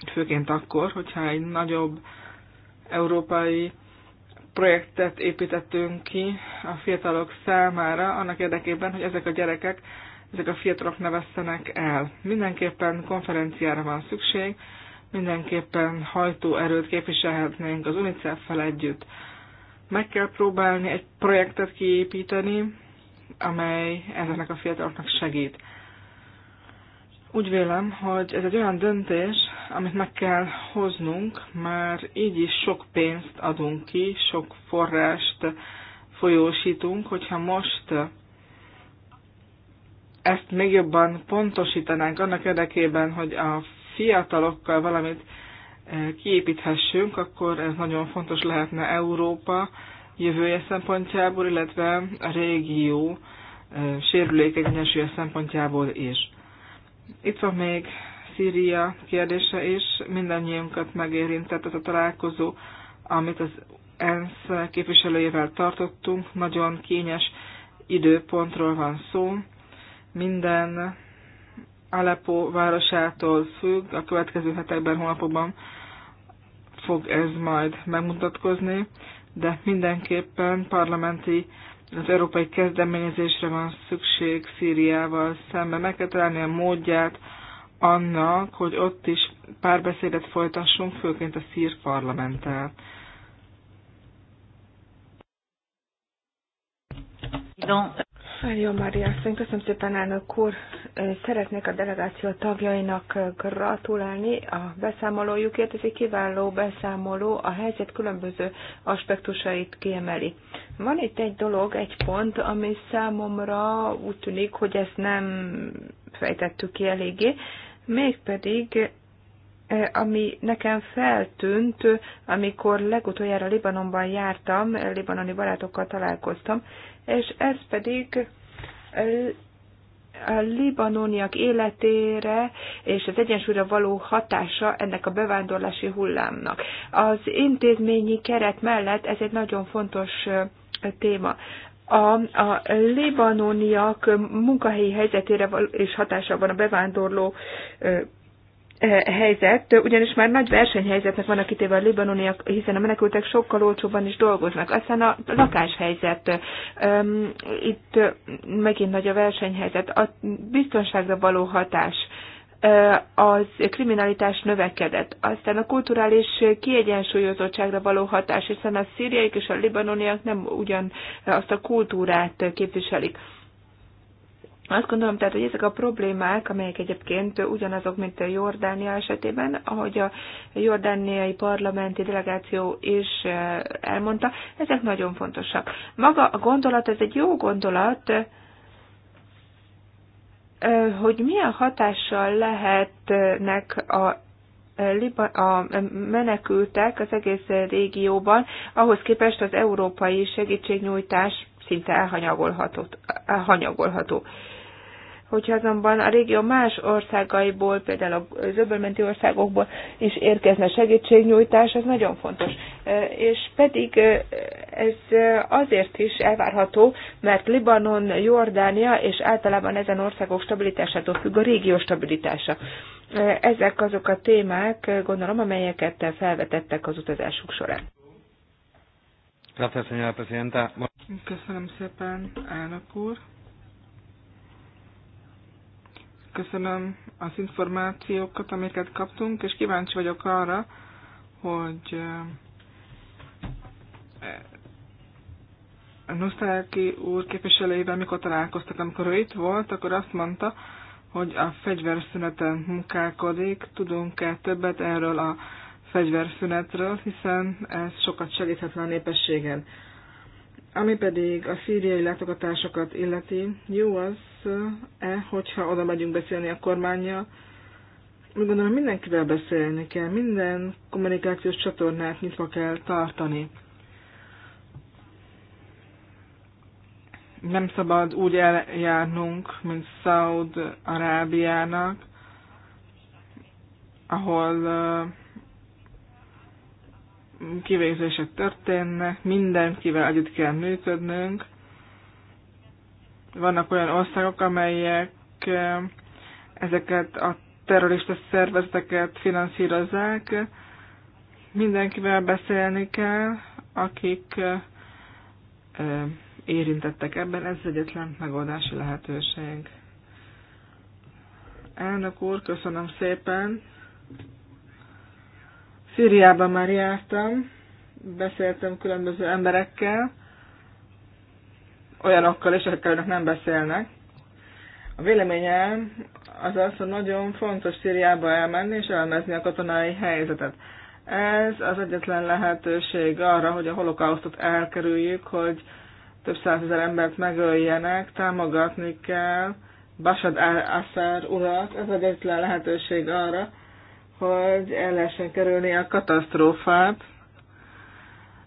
főként akkor, hogyha egy nagyobb európai projektet építettünk ki a fiatalok számára, annak érdekében, hogy ezek a gyerekek, ezek a fiatalok ne el. Mindenképpen konferenciára van szükség, mindenképpen hajtóerőt képviselhetnénk az UNICEF-fel együtt. Meg kell próbálni egy projektet kiépíteni, amely ezeknek a fiataloknak segít. Úgy vélem, hogy ez egy olyan döntés, amit meg kell hoznunk, mert így is sok pénzt adunk ki, sok forrást folyósítunk, hogyha most ezt még jobban pontosítanánk annak érdekében, hogy a fiatalokkal valamit eh, kiépíthessünk, akkor ez nagyon fontos lehetne Európa jövője szempontjából, illetve a régió eh, sérülékeny szempontjából is. Itt van még Szíria kérdése is, mindannyiunkat megérintett ez a találkozó, amit az ENSZ képviselőjével tartottunk. Nagyon kényes időpontról van szó. Minden Aleppo városától függ, a következő hetekben, hónapokban fog ez majd megmutatkozni, de mindenképpen parlamenti az európai kezdeményezésre van szükség Szíriával szemben. Meg kell találni a módját annak, hogy ott is párbeszédet folytassunk, főként a szír parlamenttel. Maria. Mária, köszönöm szépen, elnök úr. Szeretnék a delegáció tagjainak gratulálni a beszámolójukért. Ez egy kiváló beszámoló, a helyzet különböző aspektusait kiemeli. Van itt egy dolog, egy pont, ami számomra úgy tűnik, hogy ezt nem fejtettük ki eléggé, mégpedig ami nekem feltűnt, amikor legutoljára Libanonban jártam, libanoni barátokkal találkoztam, és ez pedig a libanoniak életére és az egyensúlyra való hatása ennek a bevándorlási hullámnak. Az intézményi keret mellett ez egy nagyon fontos téma. A, a libanoniak munkahelyi helyzetére és hatása van a bevándorló helyzet, ugyanis már nagy versenyhelyzetnek van a kitéve a libanoniak, hiszen a menekültek sokkal olcsóban is dolgoznak. Aztán a lakáshelyzet, itt megint nagy a versenyhelyzet, a biztonságra való hatás, az kriminalitás növekedett. Aztán a kulturális kiegyensúlyozottságra való hatás, hiszen a szíriaik és a libanoniak nem ugyan azt a kultúrát képviselik. Azt gondolom tehát, hogy ezek a problémák, amelyek egyébként ugyanazok, mint a Jordánia esetében, ahogy a jordániai parlamenti delegáció is eh, elmondta, ezek nagyon fontosak. Maga a gondolat, ez egy jó gondolat, eh, hogy milyen hatással lehetnek a eh, a menekültek az egész régióban, ahhoz képest az európai segítségnyújtás szinte elhanyagolható. elhanyagolható. Hogyha azonban a régió más országaiból, például a zöbölmenti országokból is érkezne segítségnyújtás, az nagyon fontos. És pedig ez azért is elvárható, mert Libanon, Jordánia és általában ezen országok stabilitásától függ a régió stabilitása. Ezek azok a témák, gondolom, amelyeket felvetettek az utazásuk során. Köszönöm szépen, elnök úr. Köszönöm az információkat, amiket kaptunk, és kíváncsi vagyok arra, hogy eh, Nusztályki úr képviselőjével mikor találkoztak, amikor ő itt volt, akkor azt mondta, hogy a fegyverszüneten munkálkodik, tudunk-e többet erről a fegyverszünetről, hiszen ez sokat segíthetne a népességen. Ami pedig a szíriai látogatásokat illeti, jó az-e, hogyha oda megyünk beszélni a kormánya Úgy gondolom, mindenkivel beszélni kell, minden kommunikációs csatornát nyitva kell tartani. Nem szabad úgy eljárnunk, mint Szaud Arábiának, ahol kivégzések történnek, mindenkivel együtt kell működnünk. Vannak olyan országok, amelyek eh, ezeket a terrorista szervezeteket finanszírozzák. Mindenkivel beszélni kell, akik eh, eh, érintettek ebben, ez egyetlen megoldási lehetőség. Elnök úr, köszönöm szépen. Szíriában már jártam, beszéltem különböző emberekkel, olyanokkal is, akikkel nem beszélnek. A véleményem az az, hogy nagyon fontos Szíriába elmenni és elemezni a katonai helyzetet. Ez az egyetlen lehetőség arra, hogy a holokausztot elkerüljük, hogy több százezer embert megöljenek, támogatni kell Bashar al-Assad urat. Ez az egyetlen lehetőség arra, hogy el lehessen kerülni a katasztrófát.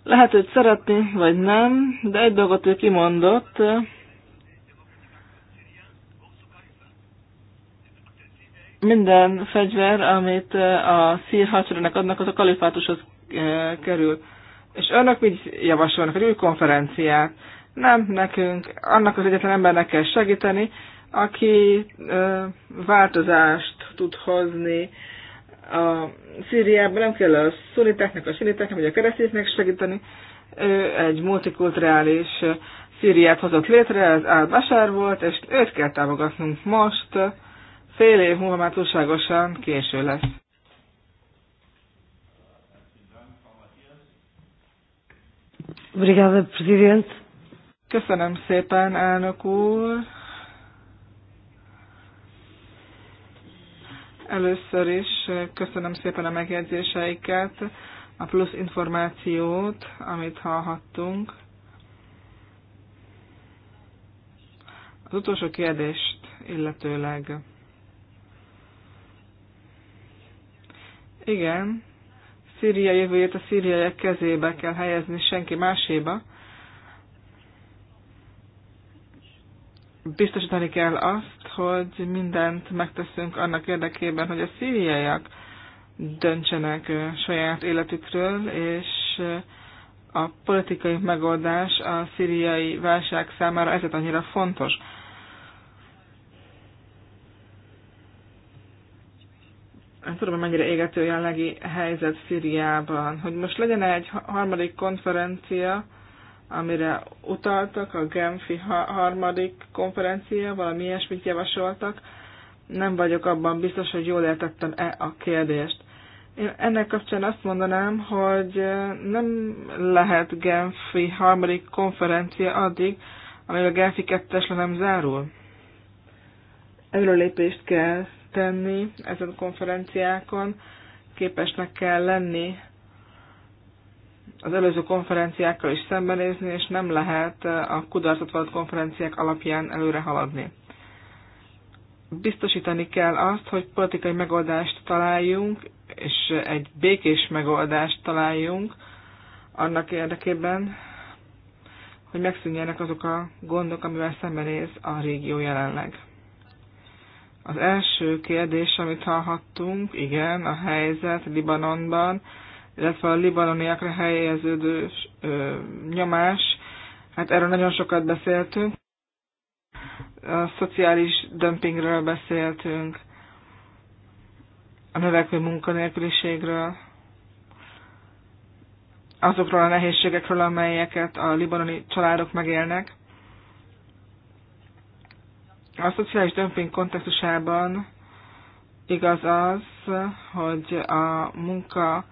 Lehet, hogy szeretni, vagy nem, de egy dolgot ő kimondott, minden fegyver, amit a szír hadseregnek adnak, az a kalifátushoz kerül. És önök mit javasolnak? Egy új konferenciát? Nem nekünk, annak az egyetlen embernek kell segíteni, aki változást tud hozni a Szíriában nem kell a szuniteknek, a siniteknek, vagy a keresztényeknek segíteni. Ő egy multikulturális Szíriát hozott létre, ez al volt, és őt kell támogatnunk most. Fél év múlva már túlságosan késő lesz. Obrigada, Presidente. Köszönöm szépen, elnök úr. Először is köszönöm szépen a megjegyzéseiket, a plusz információt, amit hallhattunk. Az utolsó kérdést illetőleg. Igen, Szíria jövőjét a szíriaiak kezébe kell helyezni, senki máséba. Biztosítani kell azt, hogy mindent megteszünk annak érdekében, hogy a szíriaiak döntsenek saját életükről, és a politikai megoldás a szíriai válság számára ezért annyira fontos. nem tudom, mennyire égető jelenlegi helyzet Szíriában, hogy most legyen egy harmadik konferencia, amire utaltak, a Genfi harmadik konferencia, valami ilyesmit javasoltak. Nem vagyok abban biztos, hogy jól értettem-e a kérdést. Én ennek kapcsán azt mondanám, hogy eh, nem lehet Genfi harmadik konferencia addig, amíg a Genfi kettes le nem zárul. Előlépést kell tenni ezen a konferenciákon, képesnek kell lenni az előző konferenciákkal is szembenézni, és nem lehet eh, a kudarcot volt konferenciák alapján előre haladni. Biztosítani kell azt, hogy politikai megoldást találjunk, és egy békés megoldást találjunk annak érdekében, hogy megszűnjenek azok a gondok, amivel szembenéz a régió jelenleg. Az első kérdés, amit hallhattunk, igen, a helyzet Libanonban, illetve a libanoniakra helyeződő nyomás, hát erről nagyon sokat beszéltünk. A szociális dömpingről beszéltünk, a növekvő munkanélküliségről, azokról a nehézségekről, amelyeket a libanoni családok megélnek. A szociális dömping kontextusában igaz az, hogy a munka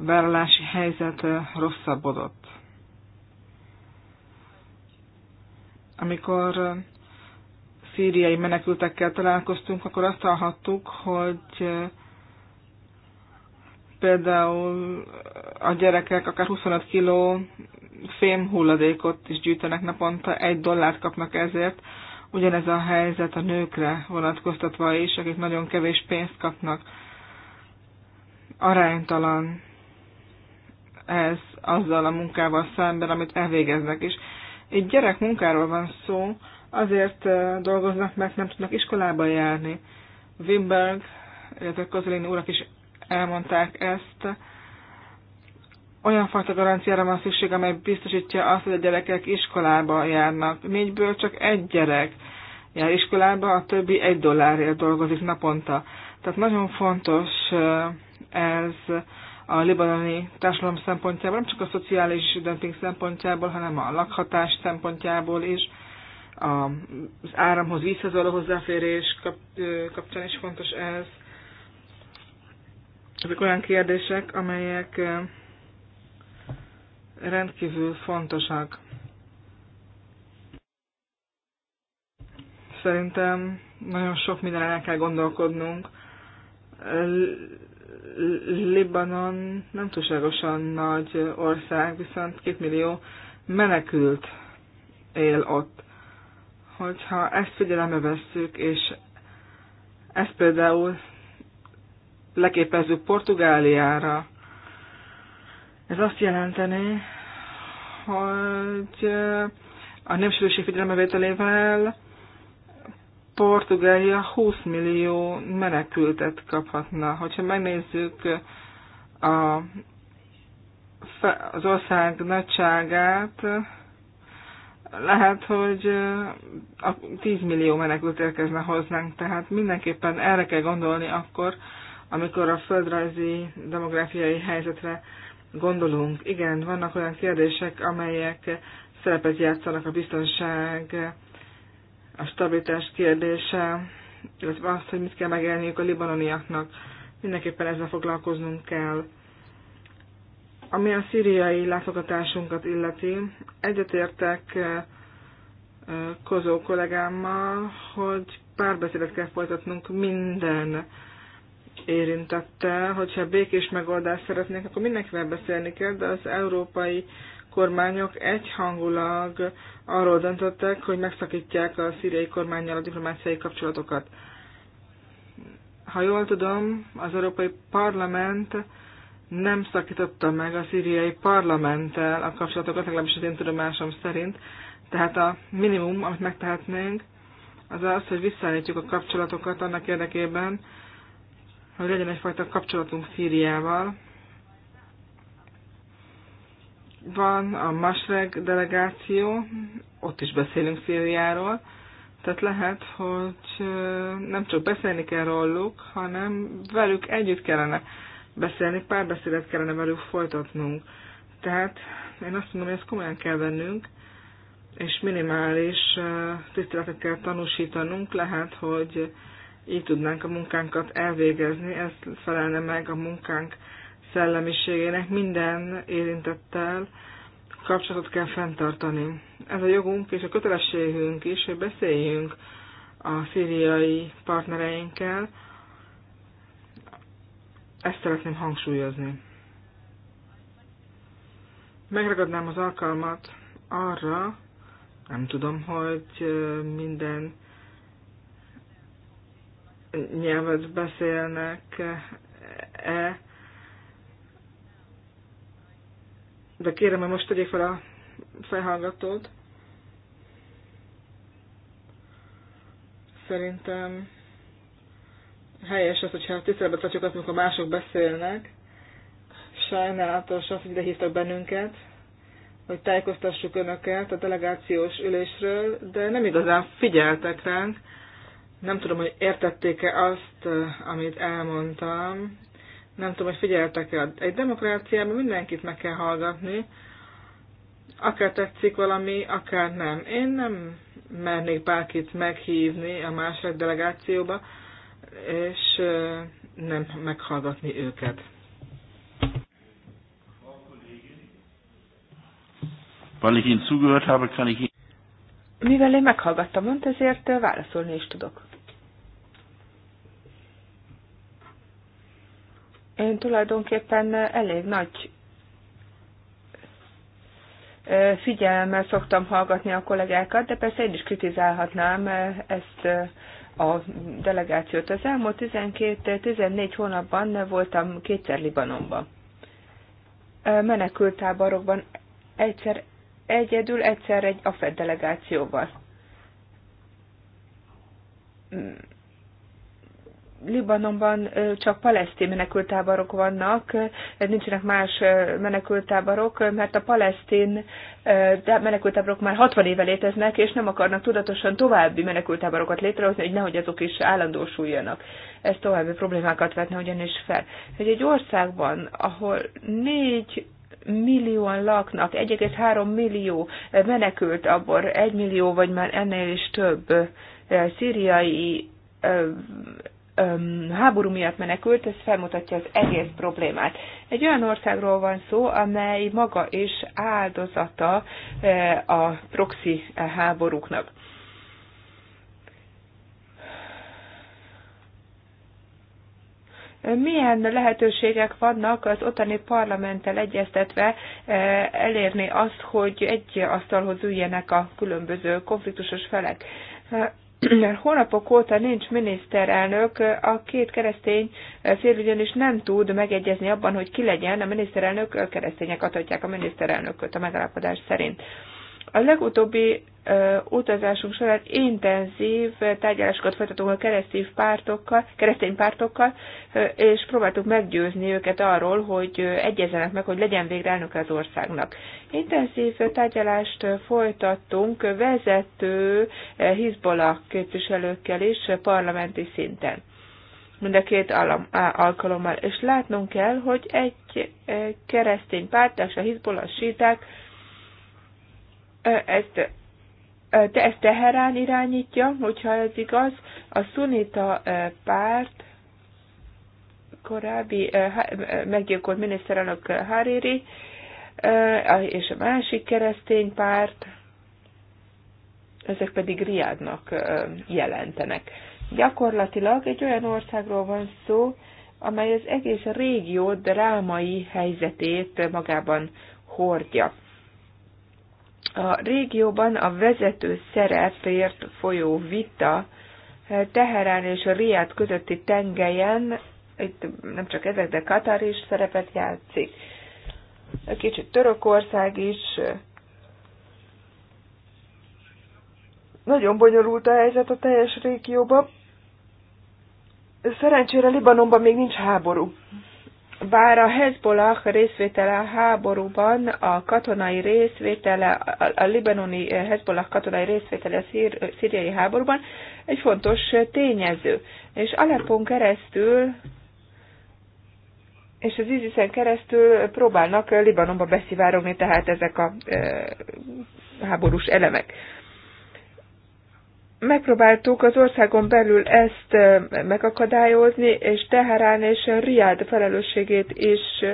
vállalási helyzet rosszabbodott. Amikor szíriai menekültekkel találkoztunk, akkor azt hallhattuk, hogy például a gyerekek akár 25 kiló fém hulladékot is gyűjtenek naponta, egy dollárt kapnak ezért. Ugyanez a helyzet a nőkre vonatkoztatva is, akik nagyon kevés pénzt kapnak. Aránytalan ez azzal a munkával szemben, amit elvégeznek is. egy gyerek munkáról van szó, azért dolgoznak, mert nem tudnak iskolába járni. Wimberg, illetve Kozolini úrak is elmondták ezt. Olyan fajta garanciára van szükség, amely biztosítja azt, hogy a gyerekek iskolába járnak. Négyből csak egy gyerek jár iskolába, a többi egy dollárért dolgozik naponta. Tehát nagyon fontos ez a libanoni társadalom szempontjából, nem csak a szociális dömping szempontjából, hanem a lakhatás szempontjából is, az áramhoz, vízhez való hozzáférés kapcsán is fontos ez. Ezek olyan kérdések, amelyek rendkívül fontosak. Szerintem nagyon sok minden el kell gondolkodnunk Libanon nem túlságosan nagy ország, viszont két millió menekült él ott. Hogyha ezt figyelembe vesszük, és ezt például leképezzük Portugáliára, ez azt jelenteni, hogy a népsűrűség figyelembevételével Portugália 20 millió menekültet kaphatna. Hogyha megnézzük a, az ország nagyságát, lehet, hogy a 10 millió menekült érkezne hozzánk, tehát mindenképpen erre kell gondolni akkor, amikor a földrajzi demográfiai helyzetre gondolunk. Igen, vannak olyan kérdések, amelyek szerepet játszanak a biztonság a stabilitás kérdése, illetve azt, hogy mit kell megélniük a libanoniaknak. Mindenképpen ezzel foglalkoznunk kell. Ami a szíriai látogatásunkat illeti, egyetértek eh, Kozó kollégámmal, hogy párbeszédet kell folytatnunk minden érintette, hogyha békés megoldást szeretnék, akkor mindenkivel beszélni kell, de az európai kormányok egyhangulag arról döntöttek, hogy megszakítják a szíriai kormányjal a diplomáciai kapcsolatokat. Ha jól tudom, az Európai Parlament nem szakította meg a szíriai parlamenttel a kapcsolatokat, legalábbis az én tudomásom szerint. Tehát a minimum, amit megtehetnénk, az az, hogy visszaállítjuk a kapcsolatokat annak érdekében, hogy legyen egyfajta kapcsolatunk Szíriával, van a Masreg delegáció, ott is beszélünk Szíriáról, tehát lehet, hogy nem csak beszélni kell róluk, hanem velük együtt kellene beszélni, párbeszédet kellene velük folytatnunk. Tehát én azt mondom, hogy ezt komolyan kell vennünk, és minimális tiszteletet kell tanúsítanunk, lehet, hogy így tudnánk a munkánkat elvégezni, ez felelne meg a munkánk szellemiségének minden érintettel kapcsolatot kell fenntartani. Ez a jogunk és a kötelességünk is, hogy beszéljünk a szíriai partnereinkkel. Ezt szeretném hangsúlyozni. Megragadnám az alkalmat arra, nem tudom, hogy minden nyelvet beszélnek-e, De kérem, hogy most tegyék fel a felhallgatót. Szerintem helyes az, hogyha tiszteletbe tartjuk azt, amikor mások beszélnek. Sajnálatos az, hogy idehívtak bennünket, hogy tájékoztassuk önöket a delegációs ülésről, de nem igazán figyeltek ránk. Nem tudom, hogy értették-e azt, eh, amit elmondtam. Nem tudom, hogy figyeltek-e. Egy demokráciában mindenkit meg kell hallgatni, akár tetszik valami, akár nem. Én nem mernék bárkit meghívni a másik delegációba, és nem meghallgatni őket. Mivel én meghallgattam önt, ezért válaszolni is tudok. Én tulajdonképpen elég nagy figyelemmel szoktam hallgatni a kollégákat, de persze én is kritizálhatnám ezt a delegációt. Az elmúlt 12-14 hónapban voltam kétszer Libanonban. Menekültáborokban egyszer egyedül, egyszer egy AFED delegációval. Libanonban csak palesztin menekültáborok vannak, nincsenek más menekültáborok, mert a palesztin menekültáborok már 60 éve léteznek, és nem akarnak tudatosan további menekültáborokat létrehozni, hogy nehogy azok is állandósuljanak. Ez további problémákat vetne ugyanis fel. Hogy egy országban, ahol négy millióan laknak, 1,3 millió menekült abból, 1 millió vagy már ennél is több szíriai háború miatt menekült, ez felmutatja az egész problémát. Egy olyan országról van szó, amely maga is áldozata a proxy háborúknak. Milyen lehetőségek vannak az ottani parlamenttel egyeztetve elérni azt, hogy egy asztalhoz üljenek a különböző konfliktusos felek? mert hónapok óta nincs miniszterelnök, a két keresztény fél ugyanis nem tud megegyezni abban, hogy ki legyen a miniszterelnök, keresztények adhatják a miniszterelnököt a megállapodás szerint. A legutóbbi utazásunk során intenzív tárgyalásokat folytatunk a keresztény pártokkal, keresztény pártokkal, és próbáltuk meggyőzni őket arról, hogy egyezzenek meg, hogy legyen végre elnök az országnak. Intenzív tárgyalást folytattunk vezető Hizbola képviselőkkel is parlamenti szinten mind a két alam alkalommal. És látnunk kell, hogy egy keresztény párt és a Hizbola síták, ezt te ezt Teherán irányítja, hogyha ez igaz, a szunita párt korábbi meggyilkolt miniszterelnök Hariri, és a másik keresztény párt, ezek pedig Riádnak jelentenek. Gyakorlatilag egy olyan országról van szó, amely az egész régió drámai helyzetét magában hordja a régióban a vezető szerepért folyó vita eh, Teherán és a Riad közötti tengelyen, itt nem csak ezek, de Katar is szerepet játszik. Kicsit Törökország is. Eh, nagyon bonyolult a helyzet a teljes régióban. Szerencsére Libanonban még nincs háború. Bár a Hezbollah részvétele a háborúban, a katonai részvétele, a libanoni Hezbollah katonai részvétele a szír, szíriai háborúban egy fontos tényező. És Aleppon keresztül és az isis keresztül próbálnak Libanonba beszivárogni, tehát ezek a e, háborús elemek megpróbáltuk az országon belül ezt megakadályozni, és Teherán és Riad felelősségét is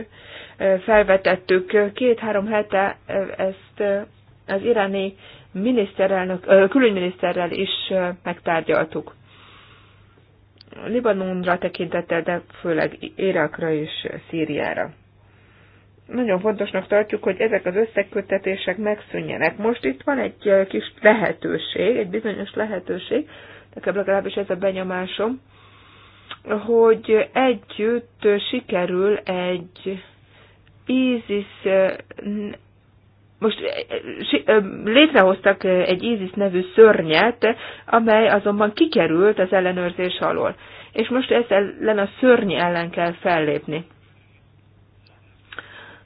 felvetettük. Két-három hete ezt az iráni miniszterelnök, külügyminiszterrel is megtárgyaltuk. Libanonra tekintettel, de főleg Irakra és Szíriára nagyon fontosnak tartjuk, hogy ezek az összekötetések megszűnjenek. Most itt van egy kis lehetőség, egy bizonyos lehetőség, nekem legalábbis ez a benyomásom, hogy együtt sikerül egy ISIS, most létrehoztak egy ISIS nevű szörnyet, amely azonban kikerült az ellenőrzés alól. És most ezzel ellen a szörny ellen kell fellépni.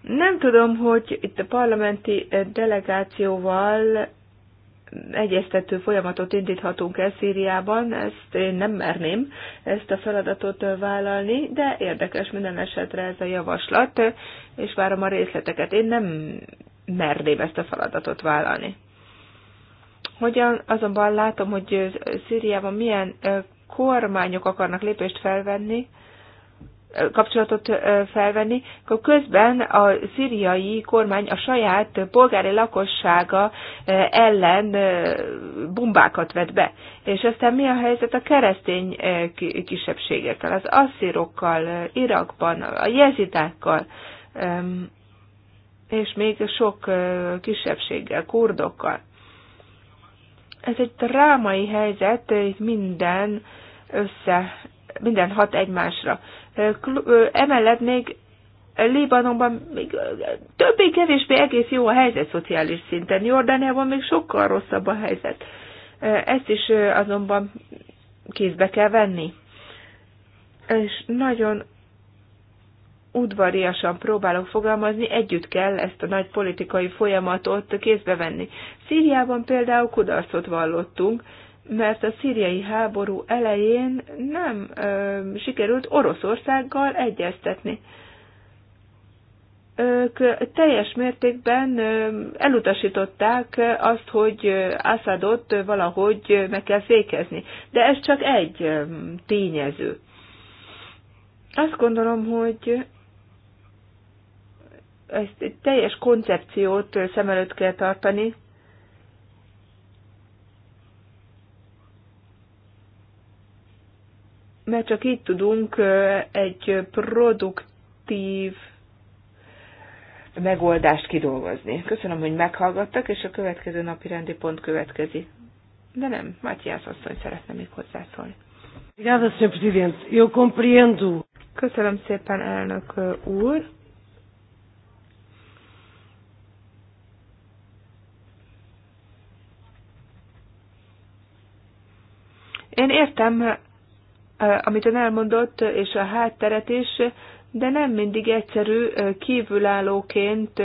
Nem tudom, hogy itt a parlamenti eh, delegációval egyeztető folyamatot indíthatunk el Szíriában, ezt én nem merném ezt a feladatot eh, vállalni, de érdekes minden esetre ez a javaslat, eh, és várom a részleteket. Én nem merném ezt a feladatot vállalni. Hogyan azonban látom, hogy Szíriában milyen kormányok akarnak lépést felvenni, kapcsolatot felvenni, akkor közben a szíriai kormány a saját polgári lakossága ellen bombákat vet be. És aztán mi a helyzet a keresztény kisebbségekkel, az asszírokkal, Irakban, a jezidákkal, és még sok kisebbséggel, kurdokkal. Ez egy drámai helyzet, itt minden össze minden hat egymásra. Emellett még Libanonban még többé-kevésbé egész jó a helyzet szociális szinten, Jordániában még sokkal rosszabb a helyzet. Ezt is azonban kézbe kell venni. És nagyon udvariasan próbálok fogalmazni, együtt kell ezt a nagy politikai folyamatot kézbe venni. Szíriában például kudarcot vallottunk, mert a szíriai háború elején nem ö, sikerült Oroszországgal egyeztetni. Ők teljes mértékben elutasították azt, hogy Assadot valahogy meg kell fékezni. De ez csak egy tényező. Azt gondolom, hogy ezt egy teljes koncepciót szem előtt kell tartani, mert csak így tudunk egy produktív megoldást kidolgozni. Köszönöm, hogy meghallgattak, és a következő napi rendi pont következik. De nem, Mátyász asszony szeretne még hozzászólni. Köszönöm szépen, elnök úr. Én értem amit ön elmondott, és a hátteret is, de nem mindig egyszerű kívülállóként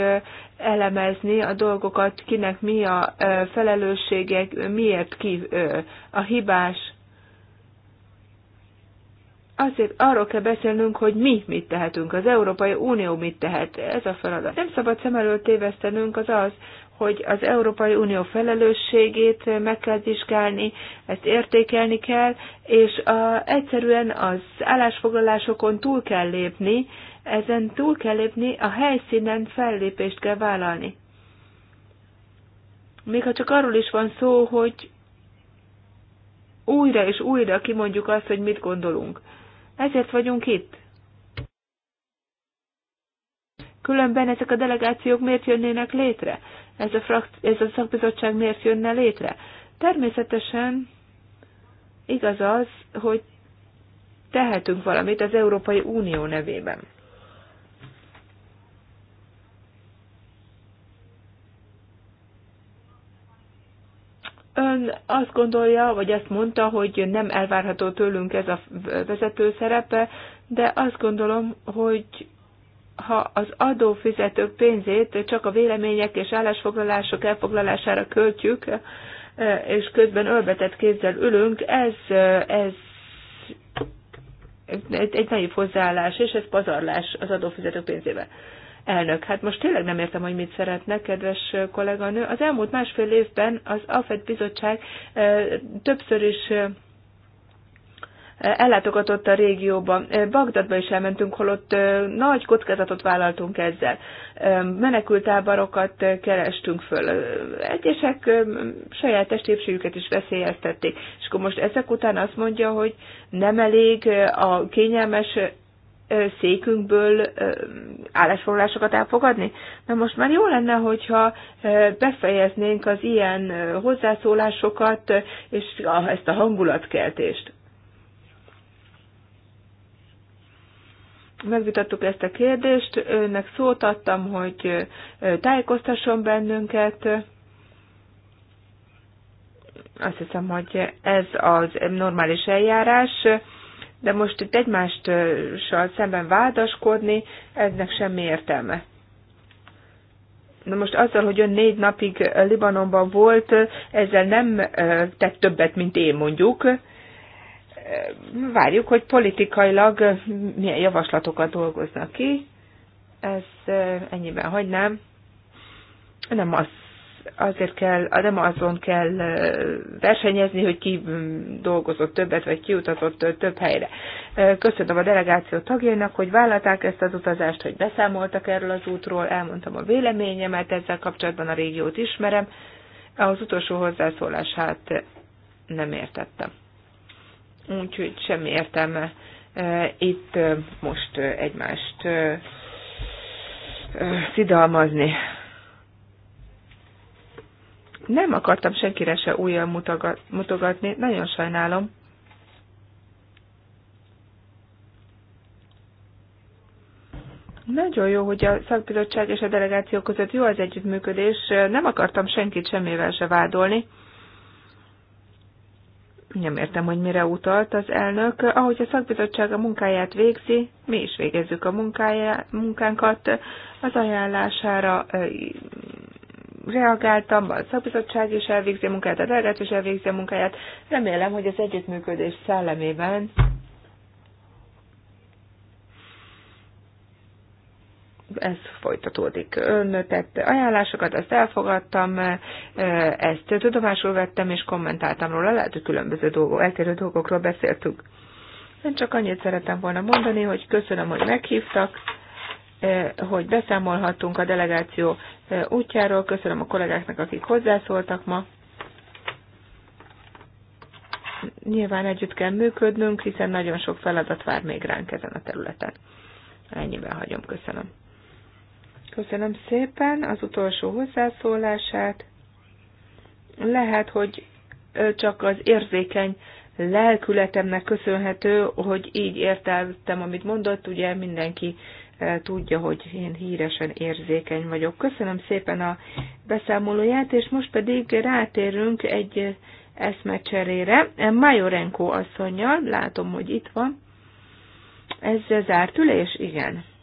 elemezni a dolgokat, kinek mi a felelősségek, miért ki a hibás azért arról kell beszélnünk, hogy mi mit tehetünk, az Európai Unió mit tehet, ez a feladat. Nem szabad szem elől tévesztenünk az az, hogy az Európai Unió felelősségét meg kell vizsgálni, ezt értékelni kell, és a, egyszerűen az állásfoglalásokon túl kell lépni, ezen túl kell lépni, a helyszínen fellépést kell vállalni. Még ha csak arról is van szó, hogy újra és újra kimondjuk azt, hogy mit gondolunk. Ezért vagyunk itt. Különben ezek a delegációk miért jönnének létre? Ez a, frakt, ez a szakbizottság miért jönne létre? Természetesen igaz az, hogy tehetünk valamit az Európai Unió nevében. Ön azt gondolja, vagy azt mondta, hogy nem elvárható tőlünk ez a vezető szerepe, de azt gondolom, hogy ha az adófizetők pénzét csak a vélemények és állásfoglalások elfoglalására költjük, e, és közben ölbetett kézzel ülünk, ez, ez egy nagyobb hozzáállás, és ez pazarlás az adófizetők pénzével. Elnök, hát most tényleg nem értem, hogy mit szeretne, kedves kolléganő. Az elmúlt másfél évben az AFED bizottság eh, többször is eh, ellátogatott a régióba. Eh, Bagdadba is elmentünk, holott nagy kockázatot vállaltunk ezzel. Menekültáborokat kerestünk föl. Egyesek saját testépségüket is veszélyeztették. És akkor most ezek után azt mondja, hogy nem elég a kényelmes székünkből állásforulásokat elfogadni? Na most már jó lenne, hogyha befejeznénk az ilyen hozzászólásokat és ezt a hangulatkeltést. Megvitattuk ezt a kérdést, önnek szót adtam, hogy tájékoztasson bennünket. Azt hiszem, hogy ez az normális eljárás de most itt egymással szemben vádaskodni, eznek semmi értelme. Na most azzal, hogy ön négy napig Libanonban volt, ezzel nem tett többet, mint én mondjuk. Várjuk, hogy politikailag milyen javaslatokat dolgoznak ki. Ez ennyiben hagynám. Nem az azért kell, nem azon kell versenyezni, hogy ki dolgozott többet, vagy ki utazott több helyre. Köszönöm a delegáció tagjainak, hogy vállalták ezt az utazást, hogy beszámoltak erről az útról, elmondtam a véleményemet, ezzel kapcsolatban a régiót ismerem. Az utolsó hozzászólását nem értettem. Úgyhogy semmi értelme itt most egymást szidalmazni. Nem akartam senkire se újjal mutogatni, nagyon sajnálom. Nagyon jó, hogy a szakbizottság és a delegáció között jó az együttműködés. Nem akartam senkit semmivel se vádolni. Nem értem, hogy mire utalt az elnök. Ahogy a szakbizottság a munkáját végzi, mi is végezzük a munkáját, munkánkat. Az ajánlására eh, reagáltam, a szakbizottság is elvégzi a munkáját, a delegáció is elvégzi a munkáját. Remélem, hogy az együttműködés szellemében ez folytatódik. Ön tette ajánlásokat, ezt elfogadtam, ezt tudomásul vettem és kommentáltam róla, lehet, hogy különböző dolgok, eltérő dolgokról beszéltünk. Én csak annyit szeretem volna mondani, hogy köszönöm, hogy meghívtak Eh, hogy beszámolhattunk a delegáció eh, útjáról. Köszönöm a kollégáknak, akik hozzászóltak ma. Nyilván együtt kell működnünk, hiszen nagyon sok feladat vár még ránk ezen a területen. Ennyiben hagyom, köszönöm. Köszönöm szépen az utolsó hozzászólását. Lehet, hogy csak az érzékeny lelkületemnek köszönhető, hogy így értelmeztem amit mondott, ugye mindenki tudja, hogy én híresen érzékeny vagyok. Köszönöm szépen a beszámolóját, és most pedig rátérünk egy eszmecserére. Majorenko asszonynal, látom, hogy itt van. Ez zárt ülés? Igen.